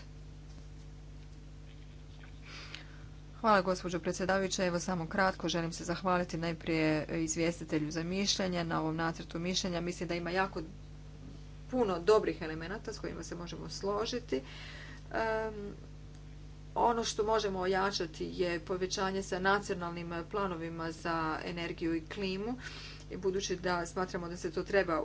Hvala gospođo predsjedavajuća. Evo samo kratko želim se zahvaliti najprije izvjestitelju za mišljenje na ovom nacrtu mišljenja. Mislim da ima jako puno dobrih elemenata s kojima se možemo složiti. ono što možemo ojačati je povećanje sa nacionalnim planovima za energiju i klimu, budući da smatramo da se to treba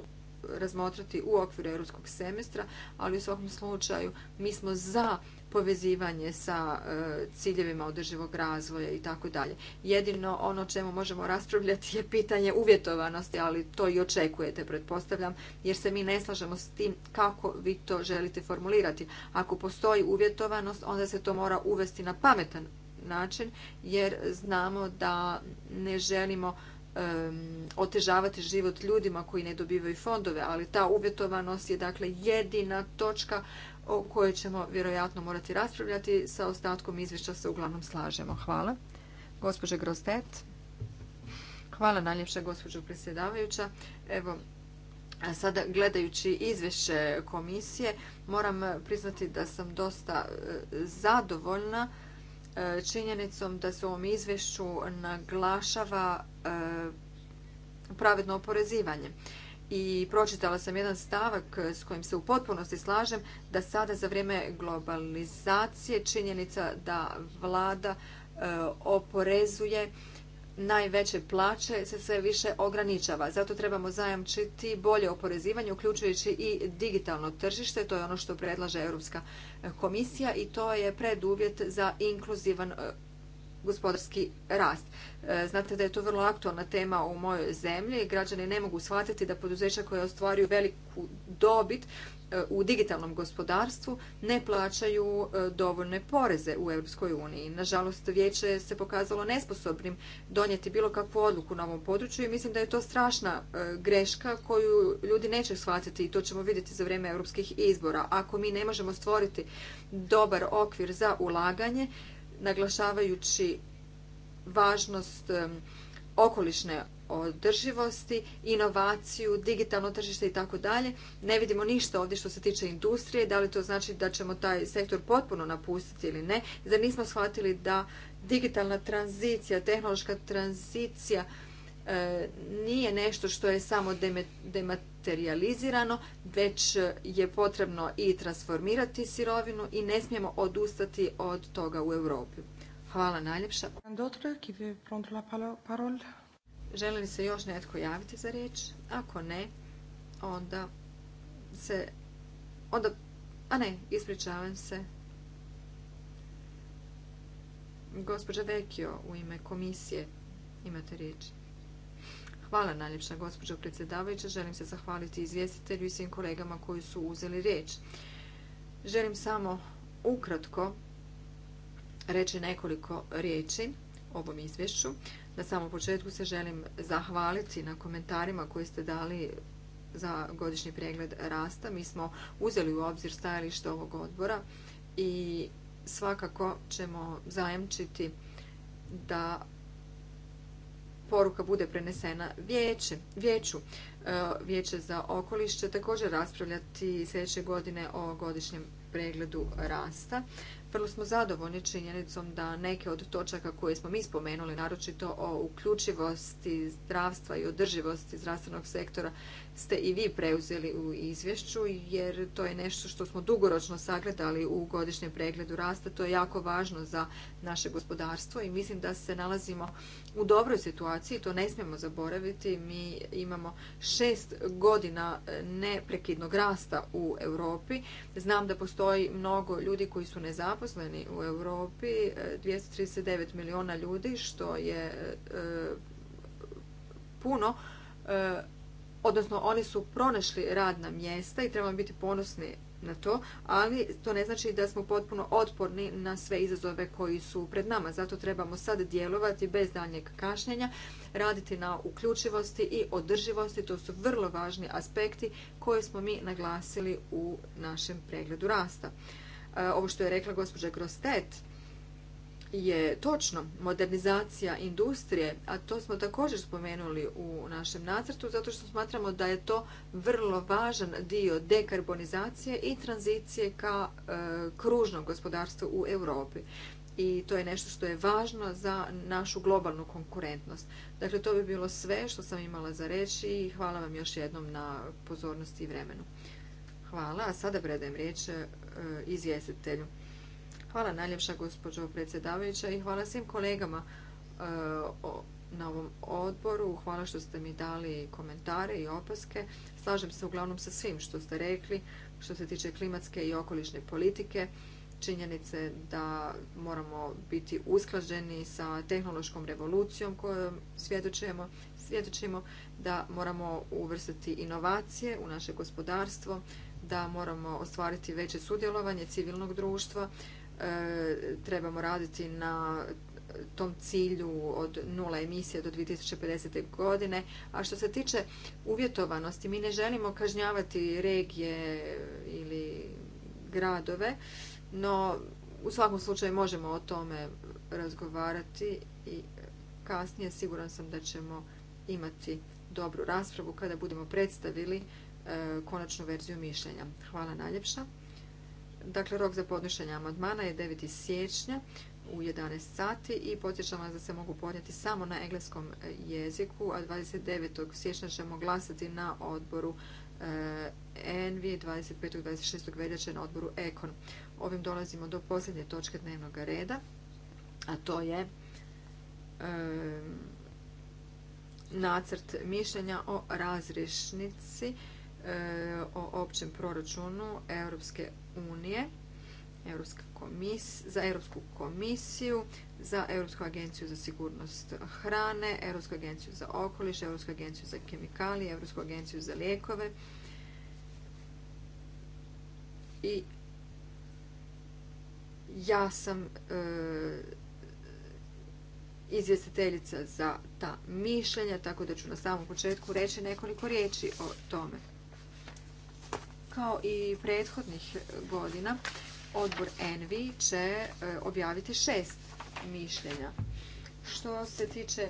razmotrati u okviru europskog semestra, ali u svakom slučaju mi smo za povezivanje sa e, ciljevima održivog razvoja i tako dalje. Jedino ono o čemu možemo raspravljati je pitanje uvjetovanosti, ali to i očekujete, pretpostavljam, jer se mi ne slažemo s tim kako vi to želite formulirati. Ako postoji uvjetovanost, onda se to mora uvesti na pametan način, jer znamo da ne želimo otežavati život ljudima koji ne dobivaju fondove, ali ta uvjetovanost je dakle jedina točka o kojoj ćemo vjerojatno morati raspravljati. Sa ostatkom izvješća se uglavnom slažemo. Hvala. Gospođe Grostet. Hvala najljepša gospođo predsjedavajuća. Evo, sada gledajući izvješće komisije, moram priznati da sam dosta e, zadovoljna e, činjenicom da se u ovom izvješću naglašava e, pravedno oporezivanje i pročitala sam jedan stavak s kojim se u potpunosti slažem da sada za vrijeme globalizacije činjenica da vlada e, oporezuje najveće plaće se sve više ograničava. Zato trebamo zajamčiti bolje oporezivanje, uključujući i digitalno tržište. To je ono što predlaže Europska komisija i to je preduvjet za inkluzivan e, gospodarski rast. E, znate da je to vrlo aktualna tema u mojoj zemlji. Građani ne mogu shvatiti da poduzeća koje ostvaruju veliku dobit e, u digitalnom gospodarstvu ne plaćaju e, dovoljne poreze u Europskoj uniji. Nažalost, vijeće se pokazalo nesposobnim donijeti bilo kakvu odluku na ovom području i mislim da je to strašna greška koju ljudi neće shvatiti i to ćemo vidjeti za vrijeme europskih izbora. Ako mi ne možemo stvoriti dobar okvir za ulaganje, naglašavajući važnost okolišne održivosti, inovaciju, digitalno tržište i tako dalje. Ne vidimo ništa ovdje što se tiče industrije, da li to znači da ćemo taj sektor potpuno napustiti ili ne, zar nismo shvatili da digitalna tranzicija, tehnološka tranzicija E, nije nešto što je samo dematerializirano, već e, je potrebno i transformirati sirovinu i ne smijemo odustati od toga u Europi. Hvala najljepša. Želi li se još netko javiti za riječ? Ako ne, onda se... Onda... A ne, ispričavam se. Gospođa Vekio u ime komisije imate riječ. Hvala najljepša gospođo predsjedavajuća. Želim se zahvaliti izvjestitelju i svim kolegama koji su uzeli riječ. Želim samo ukratko reći nekoliko riječi o ovom izvješću. Na samom početku se želim zahvaliti na komentarima koje ste dali za godišnji pregled rasta. Mi smo uzeli u obzir stajalište ovog odbora i svakako ćemo zajamčiti da poruka bude prenesena vijeće, vijeću. E, vijeće za okoliš će također raspravljati sljedeće godine o godišnjem pregledu rasta. Vrlo smo zadovoljni činjenicom da neke od točaka koje smo mi spomenuli, naročito o uključivosti zdravstva i održivosti zdravstvenog sektora, ste i vi preuzeli u izvješću jer to je nešto što smo dugoročno sagledali u godišnjem pregledu rasta. To je jako važno za naše gospodarstvo i mislim da se nalazimo u dobroj situaciji. To ne smijemo zaboraviti. Mi imamo šest godina neprekidnog rasta u Europi. Znam da postoji mnogo ljudi koji su nezaposleni u Europi. 239 e, miliona ljudi što je e, puno e, odnosno oni su pronašli radna mjesta i trebamo biti ponosni na to, ali to ne znači da smo potpuno otporni na sve izazove koji su pred nama. Zato trebamo sad djelovati bez daljnjeg kašnjenja, raditi na uključivosti i održivosti. To su vrlo važni aspekti koje smo mi naglasili u našem pregledu rasta. E, ovo što je rekla gospođa Grostet, je točno modernizacija industrije, a to smo također spomenuli u našem nacrtu, zato što smatramo da je to vrlo važan dio dekarbonizacije i tranzicije ka e, kružnom gospodarstvu u Europi. I to je nešto što je važno za našu globalnu konkurentnost. Dakle, to bi bilo sve što sam imala za reći i hvala vam još jednom na pozornosti i vremenu. Hvala, a sada predajem riječ e, izvjestitelju. Hvala najljepša gospođo predsjedavajuća i hvala svim kolegama e, na ovom odboru. Hvala što ste mi dali komentare i opaske. Slažem se uglavnom sa svim što ste rekli što se tiče klimatske i okolišne politike. Činjenice da moramo biti usklađeni sa tehnološkom revolucijom kojom svjedočimo, svjedočimo da moramo uvrstiti inovacije u naše gospodarstvo, da moramo ostvariti veće sudjelovanje civilnog društva, E, trebamo raditi na tom cilju od nula emisije do 2050. godine. A što se tiče uvjetovanosti, mi ne želimo kažnjavati regije ili gradove, no u svakom slučaju možemo o tome razgovarati i kasnije siguran sam da ćemo imati dobru raspravu kada budemo predstavili e, konačnu verziju mišljenja. Hvala najljepša. Dakle, rok za podnošenje amandmana je 9. siječnja u 11 sati i podsjećam vas da se mogu podnijeti samo na engleskom e, jeziku, a 29. siječnja ćemo glasati na odboru e, ENVI 25. i 26. veljače na odboru EKON. Ovim dolazimo do posljednje točke dnevnog reda, a to je e, nacrt mišljenja o razrješnici E, o općem proračunu Europske unije za Europsku komisiju, za Europsku agenciju za sigurnost hrane, Europsku agenciju za okoliš, Europsku agenciju za kemikalije, Europsku agenciju za lijekove i ja sam e, izvjestiteljica za ta mišljenja, tako da ću na samom početku reći nekoliko riječi o tome. Kao i prethodnih godina, odbor ENVI će e, objaviti šest mišljenja. Što se tiče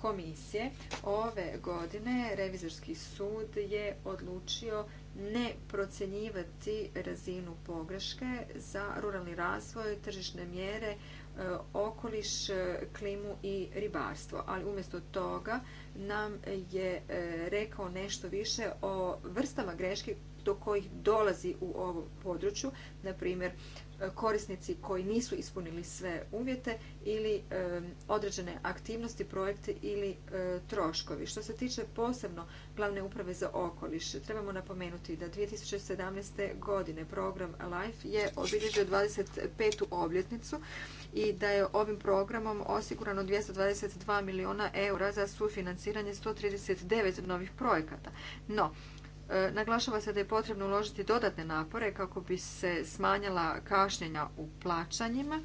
komisije, ove godine Revizorski sud je odlučio ne procjenjivati razinu pogreške za ruralni razvoj, tržišne mjere, e, okoliš, e, klimu i ribarstvo. Ali umjesto toga nam je rekao nešto više o vrstama greški do kojih dolazi u ovom području, na primjer e, korisnici koji nisu ispunili sve uvjete ili e, određene aktivnosti, projekte ili e, troškovi. Što se tiče posebno glavne uprave za okoliš, trebamo napomenuti da 2017. godine program LIFE je obilježio 25. obljetnicu i da je ovim programom osigurano 222 milijuna eura za sufinanciranje 139 novih projekata. No, E, naglašava se da je potrebno uložiti dodatne napore kako bi se smanjila kašnjenja u plaćanjima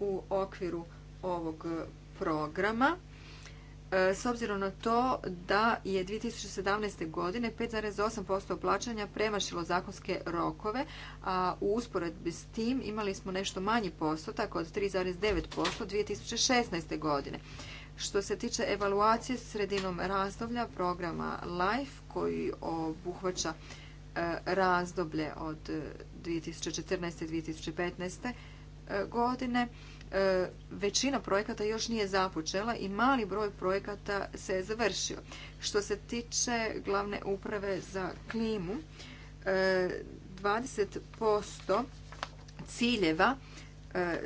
u okviru ovog programa e, s obzirom na to da je 2017. godine 5,8% plaćanja premašilo zakonske rokove, a u usporedbi s tim imali smo nešto manji postotak od 3,9% 2016. godine. Što se tiče evaluacije sredinom razdoblja programa LIFE koji obuhvaća e, razdoblje od 2014. E, i 2015. E, godine, većina projekata još nije započela i mali broj projekata se je završio. Što se tiče glavne uprave za klimu, 20% ciljeva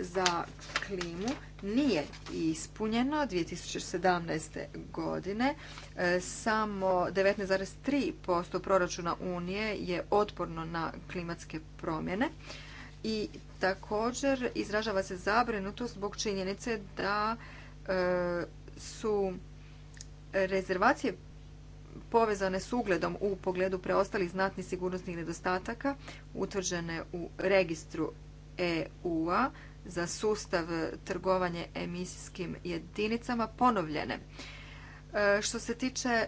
za klimu nije ispunjeno 2017. godine. E, samo 19,3% proračuna Unije je otporno na klimatske promjene i također izražava se zabrinutost zbog činjenice da e, su rezervacije povezane s ugledom u pogledu preostalih znatnih sigurnosnih nedostataka utvrđene u registru EU-a za sustav trgovanje emisijskim jedinicama ponovljene. E, što se tiče e,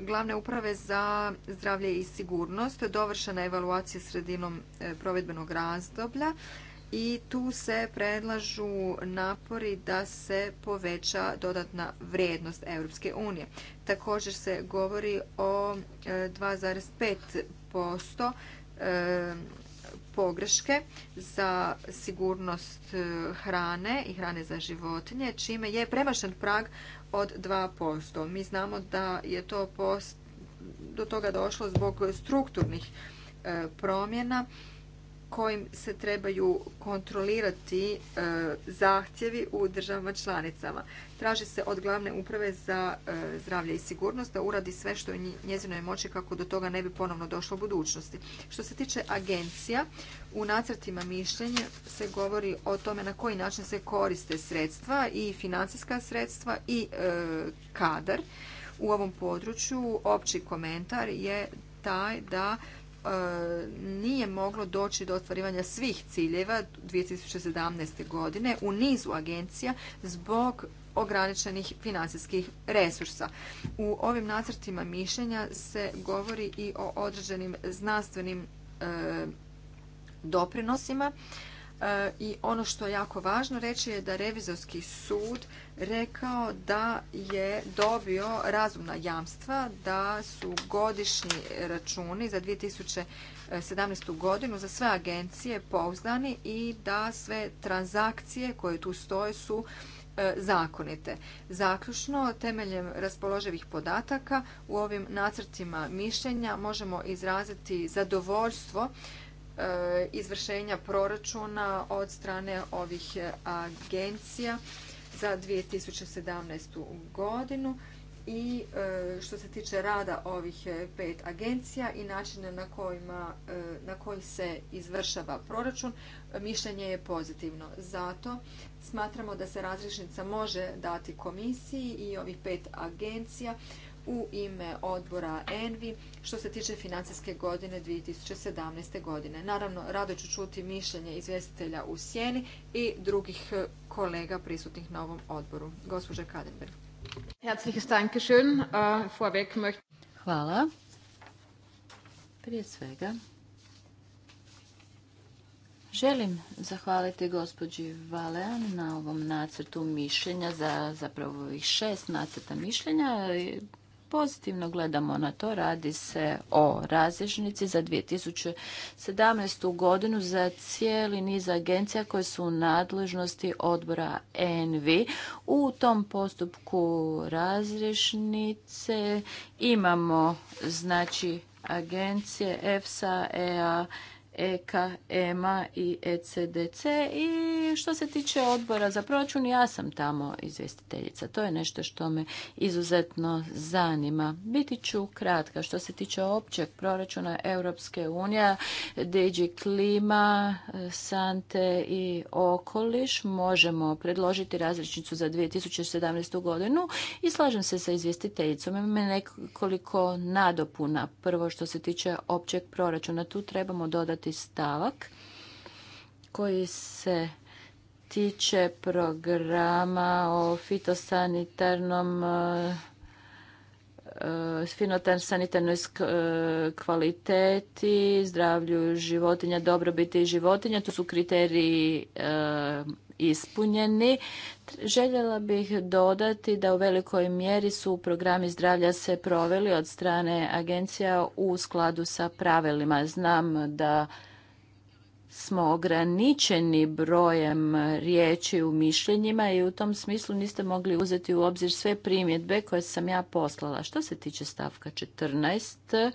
glavne uprave za zdravlje i sigurnost, dovršena je evaluacija sredinom e, provedbenog razdoblja i tu se predlažu napori da se poveća dodatna vrijednost Europske unije. Također se govori o 2,5% pogreške za sigurnost e, hrane i hrane za životinje, čime je premašen prag od 2%. Mi znamo da je to do toga došlo zbog strukturnih e, promjena kojim se trebaju kontrolirati e, zahtjevi u državama članicama. Traži se od glavne uprave za e, zdravlje i sigurnost da uradi sve što je njezinoj moći kako do toga ne bi ponovno došlo u budućnosti. Što se tiče agencija, u nacrtima mišljenja se govori o tome na koji način se koriste sredstva i financijska sredstva i e, kadar. U ovom području opći komentar je taj da E, nije moglo doći do ostvarivanja svih ciljeva 2017. godine u nizu agencija zbog ograničenih financijskih resursa. U ovim nacrtima mišljenja se govori i o određenim znanstvenim e, doprinosima E, I ono što je jako važno reći je da revizorski sud rekao da je dobio razumna jamstva da su godišnji računi za 2017. godinu za sve agencije pouzdani i da sve transakcije koje tu stoje su e, zakonite. Zaključno, temeljem raspoloživih podataka u ovim nacrtima mišljenja možemo izraziti zadovoljstvo E, izvršenja proračuna od strane ovih e, agencija za 2017. godinu i e, što se tiče rada ovih pet agencija i načina na, koji se izvršava proračun, mišljenje je pozitivno. Zato smatramo da se razrišnica može dati komisiji i ovih pet agencija u ime odbora ENVI što se tiče financijske godine 2017. godine. Naravno, rado ću čuti mišljenje izvjestitelja u sjeni i drugih eh, kolega prisutnih na ovom odboru. Gospođa Kadenberg. Äh, Hvala. Prije svega, Želim zahvaliti gospođi Valean na ovom nacrtu mišljenja za zapravo ovih šest nacrta mišljenja. Pozitivno gledamo na to, radi se o različnici za 2017. godinu za cijeli niz agencija koje su u nadležnosti odbora ENVI. U tom postupku razrješnice imamo znači agencije EFSA, EA, EKA, e EMA i ECDC i što se tiče odbora za proračun, ja sam tamo izvjestiteljica. To je nešto što me izuzetno zanima. Biti ću kratka. Što se tiče općeg proračuna Europske unije, DG Klima, Sante i Okoliš, možemo predložiti različnicu za 2017. godinu i slažem se sa izvjestiteljicom. Imam nekoliko nadopuna. Prvo što se tiče općeg proračuna, tu trebamo dodati stavak koji se tiče programa o fitosanitarnom e, e, sanitarnoj e, kvaliteti, zdravlju životinja, dobrobiti životinja. To su kriteriji ispunjeni. Željela bih dodati da u velikoj mjeri su programi zdravlja se proveli od strane agencija u skladu sa pravilima. Znam da smo ograničeni brojem riječi u mišljenjima i u tom smislu niste mogli uzeti u obzir sve primjedbe koje sam ja poslala. Što se tiče stavka 14,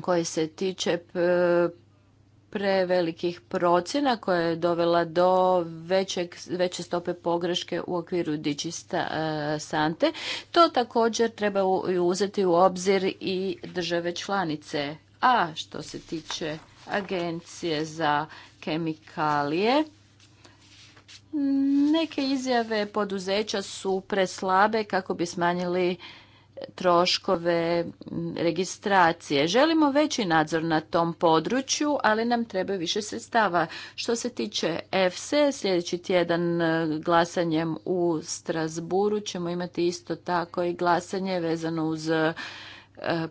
koji se tiče prevelikih procjena koja je dovela do veće stope pogreške u okviru Digi e, Sante. To također treba uzeti u obzir i države članice. A što se tiče agencije za kemikalije, neke izjave poduzeća su preslabe kako bi smanjili troškove registracije. Želimo veći nadzor na tom području, ali nam treba više sredstava. Što se tiče EFSE, sljedeći tjedan e, glasanjem u Strasburu ćemo imati isto tako i glasanje vezano uz e,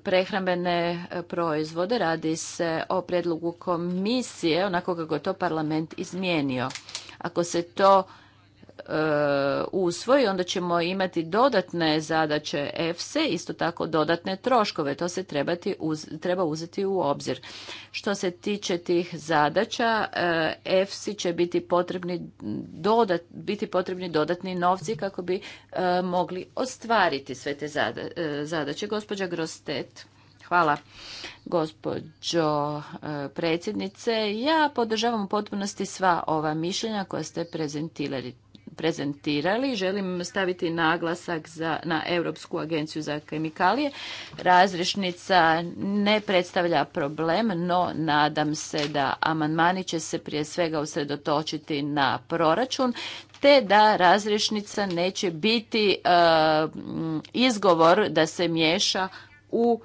prehrambene e, proizvode. Radi se o predlogu komisije, onako kako je to parlament izmijenio. Ako se to E, usvoji, onda ćemo imati dodatne zadaće EFSE, isto tako dodatne troškove. To se treba uzeti u obzir. Što se tiče tih zadaća, EFSE e će biti potrebni, biti potrebni dodatni novci kako bi e, mogli ostvariti sve te zadaće. Gospođa Grostet. Hvala gospođo predsjednice. Ja podržavam u potpunosti sva ova mišljenja koja ste prezentirali prezentirali. Želim staviti naglasak na Europsku agenciju za kemikalije. Razrešnica ne predstavlja problem, no nadam se da amandmani će se prije svega usredotočiti na proračun te da razrešnica neće biti e, izgovor da se miješa u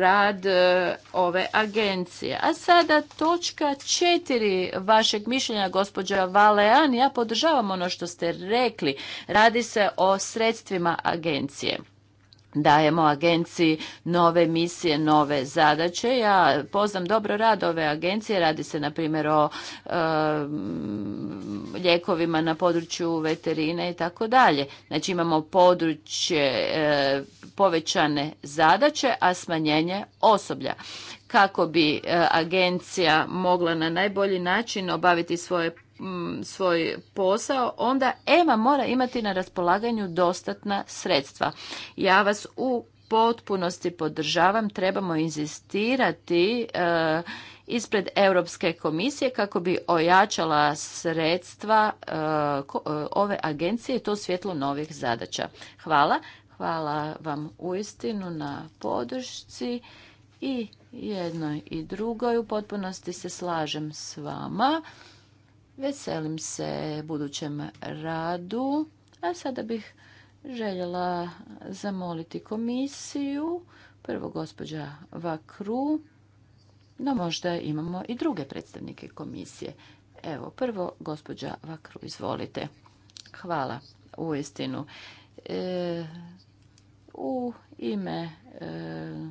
rad e, ove agencije. A sada točka četiri vašeg mišljenja, gospođa Valean, ja podržavam ono što ste rekli. Radi se o sredstvima agencije dajemo agenciji nove misije, nove zadaće. Ja poznam dobro rad ove agencije, radi se na primjer o lijekovima na području veterine i tako dalje. Znači imamo područje e, povećane zadaće, a smanjenje osoblja kako bi e, agencija mogla na najbolji način obaviti svoje Mm, svoj posao, onda EMA mora imati na raspolaganju dostatna sredstva. Ja vas u potpunosti podržavam, trebamo inzistirati e, ispred Europske komisije kako bi ojačala sredstva e, e, ove agencije i to svjetlo novih zadaća. Hvala. Hvala vam uistinu na podršci i jednoj i drugoj. U potpunosti se slažem s vama. Veselim se budućem radu. A sada bih željela zamoliti komisiju, prvo gospođa Vakru, no možda imamo i druge predstavnike komisije. Evo, prvo gospođa Vakru, izvolite. Hvala, uistinu. E, u ime e,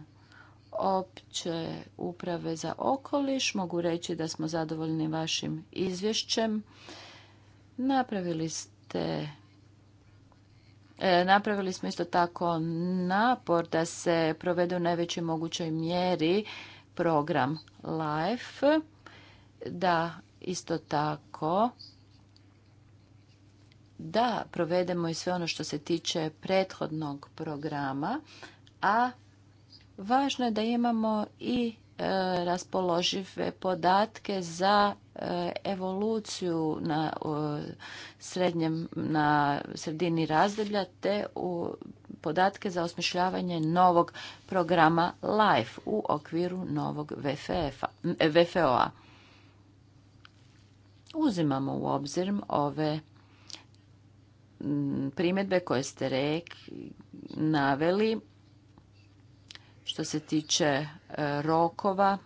opće uprave za okoliš. Mogu reći da smo zadovoljni vašim izvješćem. Napravili ste e, Napravili smo isto tako napor da se provede u najvećoj mogućoj mjeri program LIFE, da isto tako da provedemo i sve ono što se tiče prethodnog programa, a Važno je da imamo i e, raspoložive podatke za e, evoluciju na srednjem na sredini razdoblja te u podatke za osmišljavanje novog programa LIFE u okviru novog VFO-a. Uzimamo u obzir ove primjedbe koje ste rek naveli što se tiče e, rokova,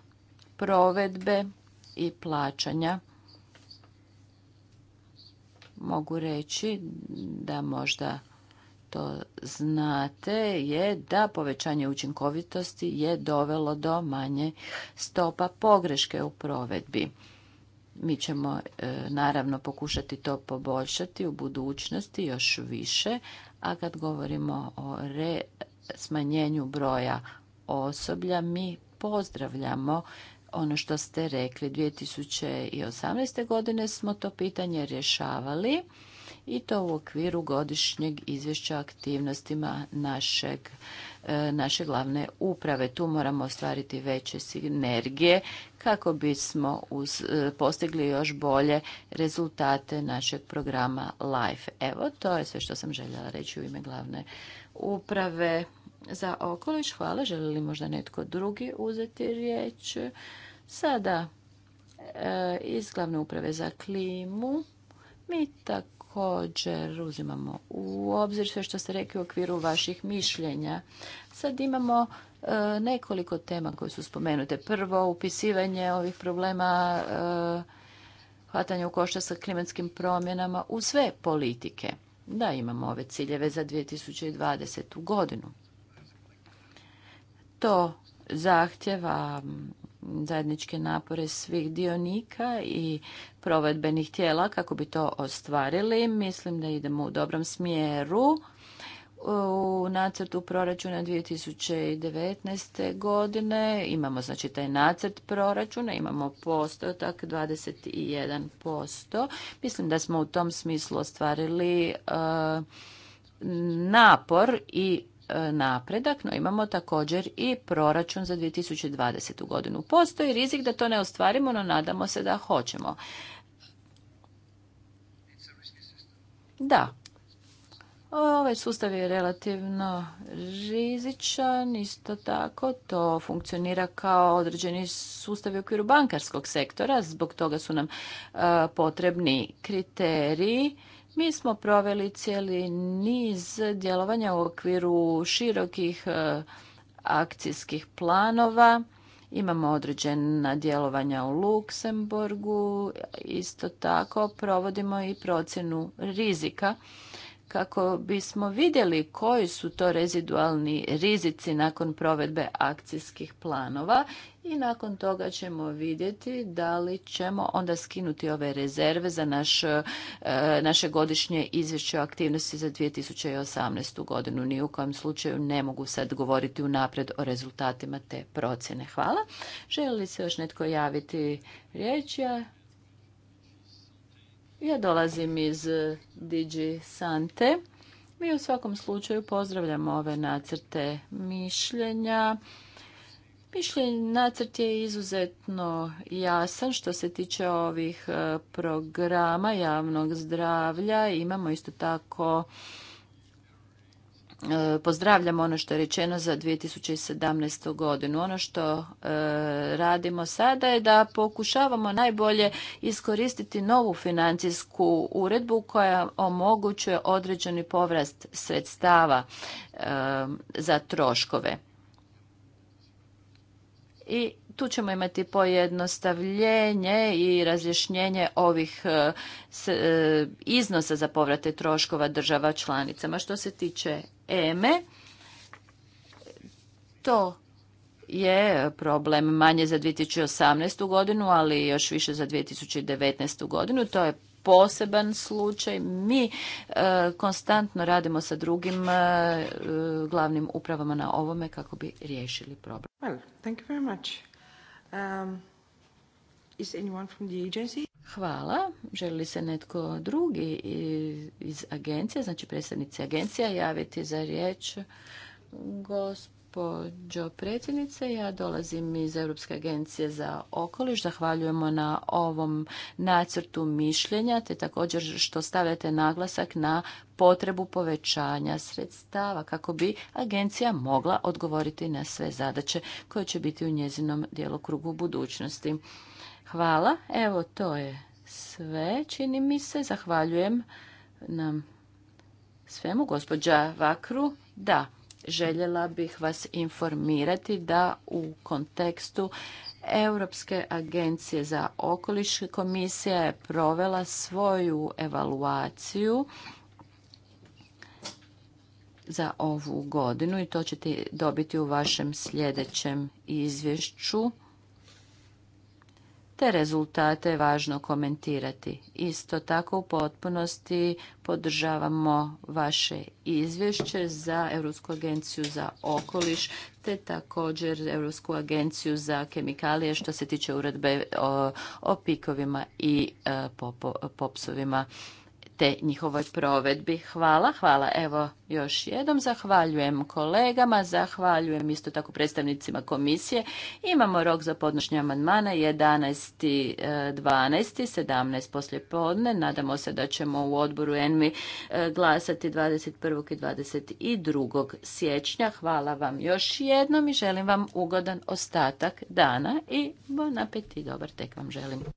provedbe i plaćanja. Mogu reći da možda to znate je da povećanje učinkovitosti je dovelo do manje stopa pogreške u provedbi. Mi ćemo e, naravno pokušati to poboljšati u budućnosti još više, a kad govorimo o smanjenju broja osoblja mi pozdravljamo ono što ste rekli 2018. godine smo to pitanje rješavali i to u okviru godišnjeg izvješća aktivnostima našeg, e, naše glavne uprave. Tu moramo ostvariti veće sinergije kako bismo uz, e, postigli još bolje rezultate našeg programa LIFE. Evo, to je sve što sam željela reći u ime glavne uprave za okoliš. Hvala. Želi li možda netko drugi uzeti riječ? Sada e, iz glavne uprave za klimu mi također uzimamo u obzir sve što ste rekli u okviru vaših mišljenja. Sad imamo e, nekoliko tema koje su spomenute. Prvo, upisivanje ovih problema hvatanja e, hvatanje u košta sa klimatskim promjenama u sve politike. Da, imamo ove ciljeve za 2020. godinu. To zahtjeva zajedničke napore svih dionika i provedbenih tijela kako bi to ostvarili. Mislim da idemo u dobrom smjeru. U nacrtu proračuna 2019. godine imamo znači taj nacrt proračuna, imamo postotak 21%. Mislim da smo u tom smislu ostvarili e, napor i E, napredak, no imamo također i proračun za 2020. godinu. Postoji rizik da to ne ostvarimo, no nadamo se da hoćemo. Da, Ovaj sustav je relativno rizičan, isto tako to funkcionira kao određeni sustav u okviru bankarskog sektora, zbog toga su nam e, potrebni kriteriji mi smo proveli cijeli niz djelovanja u okviru širokih e, akcijskih planova. Imamo određena djelovanja u Luksemburgu, isto tako provodimo i procjenu rizika kako bismo vidjeli koji su to rezidualni rizici nakon provedbe akcijskih planova i nakon toga ćemo vidjeti da li ćemo onda skinuti ove rezerve za naš, e, naše godišnje izvješće o aktivnosti za 2018. godinu. Ni u kojem slučaju ne mogu sad govoriti napred o rezultatima te procjene. Hvala. Želi li se još netko javiti riječ? Ja ja dolazim iz eh, Digi Sante. Mi u svakom slučaju pozdravljamo ove nacrte mišljenja. Mišljenj nacrt je izuzetno jasan što se tiče ovih eh, programa javnog zdravlja. Imamo isto tako E, pozdravljam ono što je rečeno za 2017. godinu. Ono što e, radimo sada je da pokušavamo najbolje iskoristiti novu financijsku uredbu koja omogućuje određeni povrast sredstava e, za troškove. I tu ćemo imati pojednostavljenje i razjašnjenje ovih e, e, iznosa za povrate troškova država članicama. Što se tiče EME, e, to je problem manje za 2018. godinu, ali još više za 2019. godinu. To je poseban slučaj. Mi konstantno radimo sa drugim glavnim upravama na ovome kako bi riješili problem. thank Um, Hvala. Želi li se netko drugi iz agencije, znači predstavnici agencija, javiti za riječ? Gospod gospođo predsjednice. Ja dolazim iz Europske agencije za okoliš. Zahvaljujemo na ovom nacrtu mišljenja, te također što stavljate naglasak na potrebu povećanja sredstava kako bi agencija mogla odgovoriti na sve zadaće koje će biti u njezinom djelokrugu u budućnosti. Hvala. Evo, to je sve. Čini mi se. Zahvaljujem nam svemu. Gospođa Vakru, da željela bih vas informirati da u kontekstu Europske agencije za okoliš komisija je provela svoju evaluaciju za ovu godinu i to ćete dobiti u vašem sljedećem izvješću te rezultate je važno komentirati. Isto tako u potpunosti podržavamo vaše izvješće za Europsku agenciju za okoliš te također Europsku agenciju za kemikalije što se tiče uredbe o, pikovima i e, popsovima te njihovoj provedbi. Hvala, hvala. Evo još jednom zahvaljujem kolegama, zahvaljujem isto tako predstavnicima komisije. Imamo rok za podnošnje amandmana 11.12. 17. E, poslje podne. Nadamo se da ćemo u odboru ENMI e, glasati 21. i 22. siječnja. Hvala vam još jednom i želim vam ugodan ostatak dana i bon apetit, dobar tek vam želim.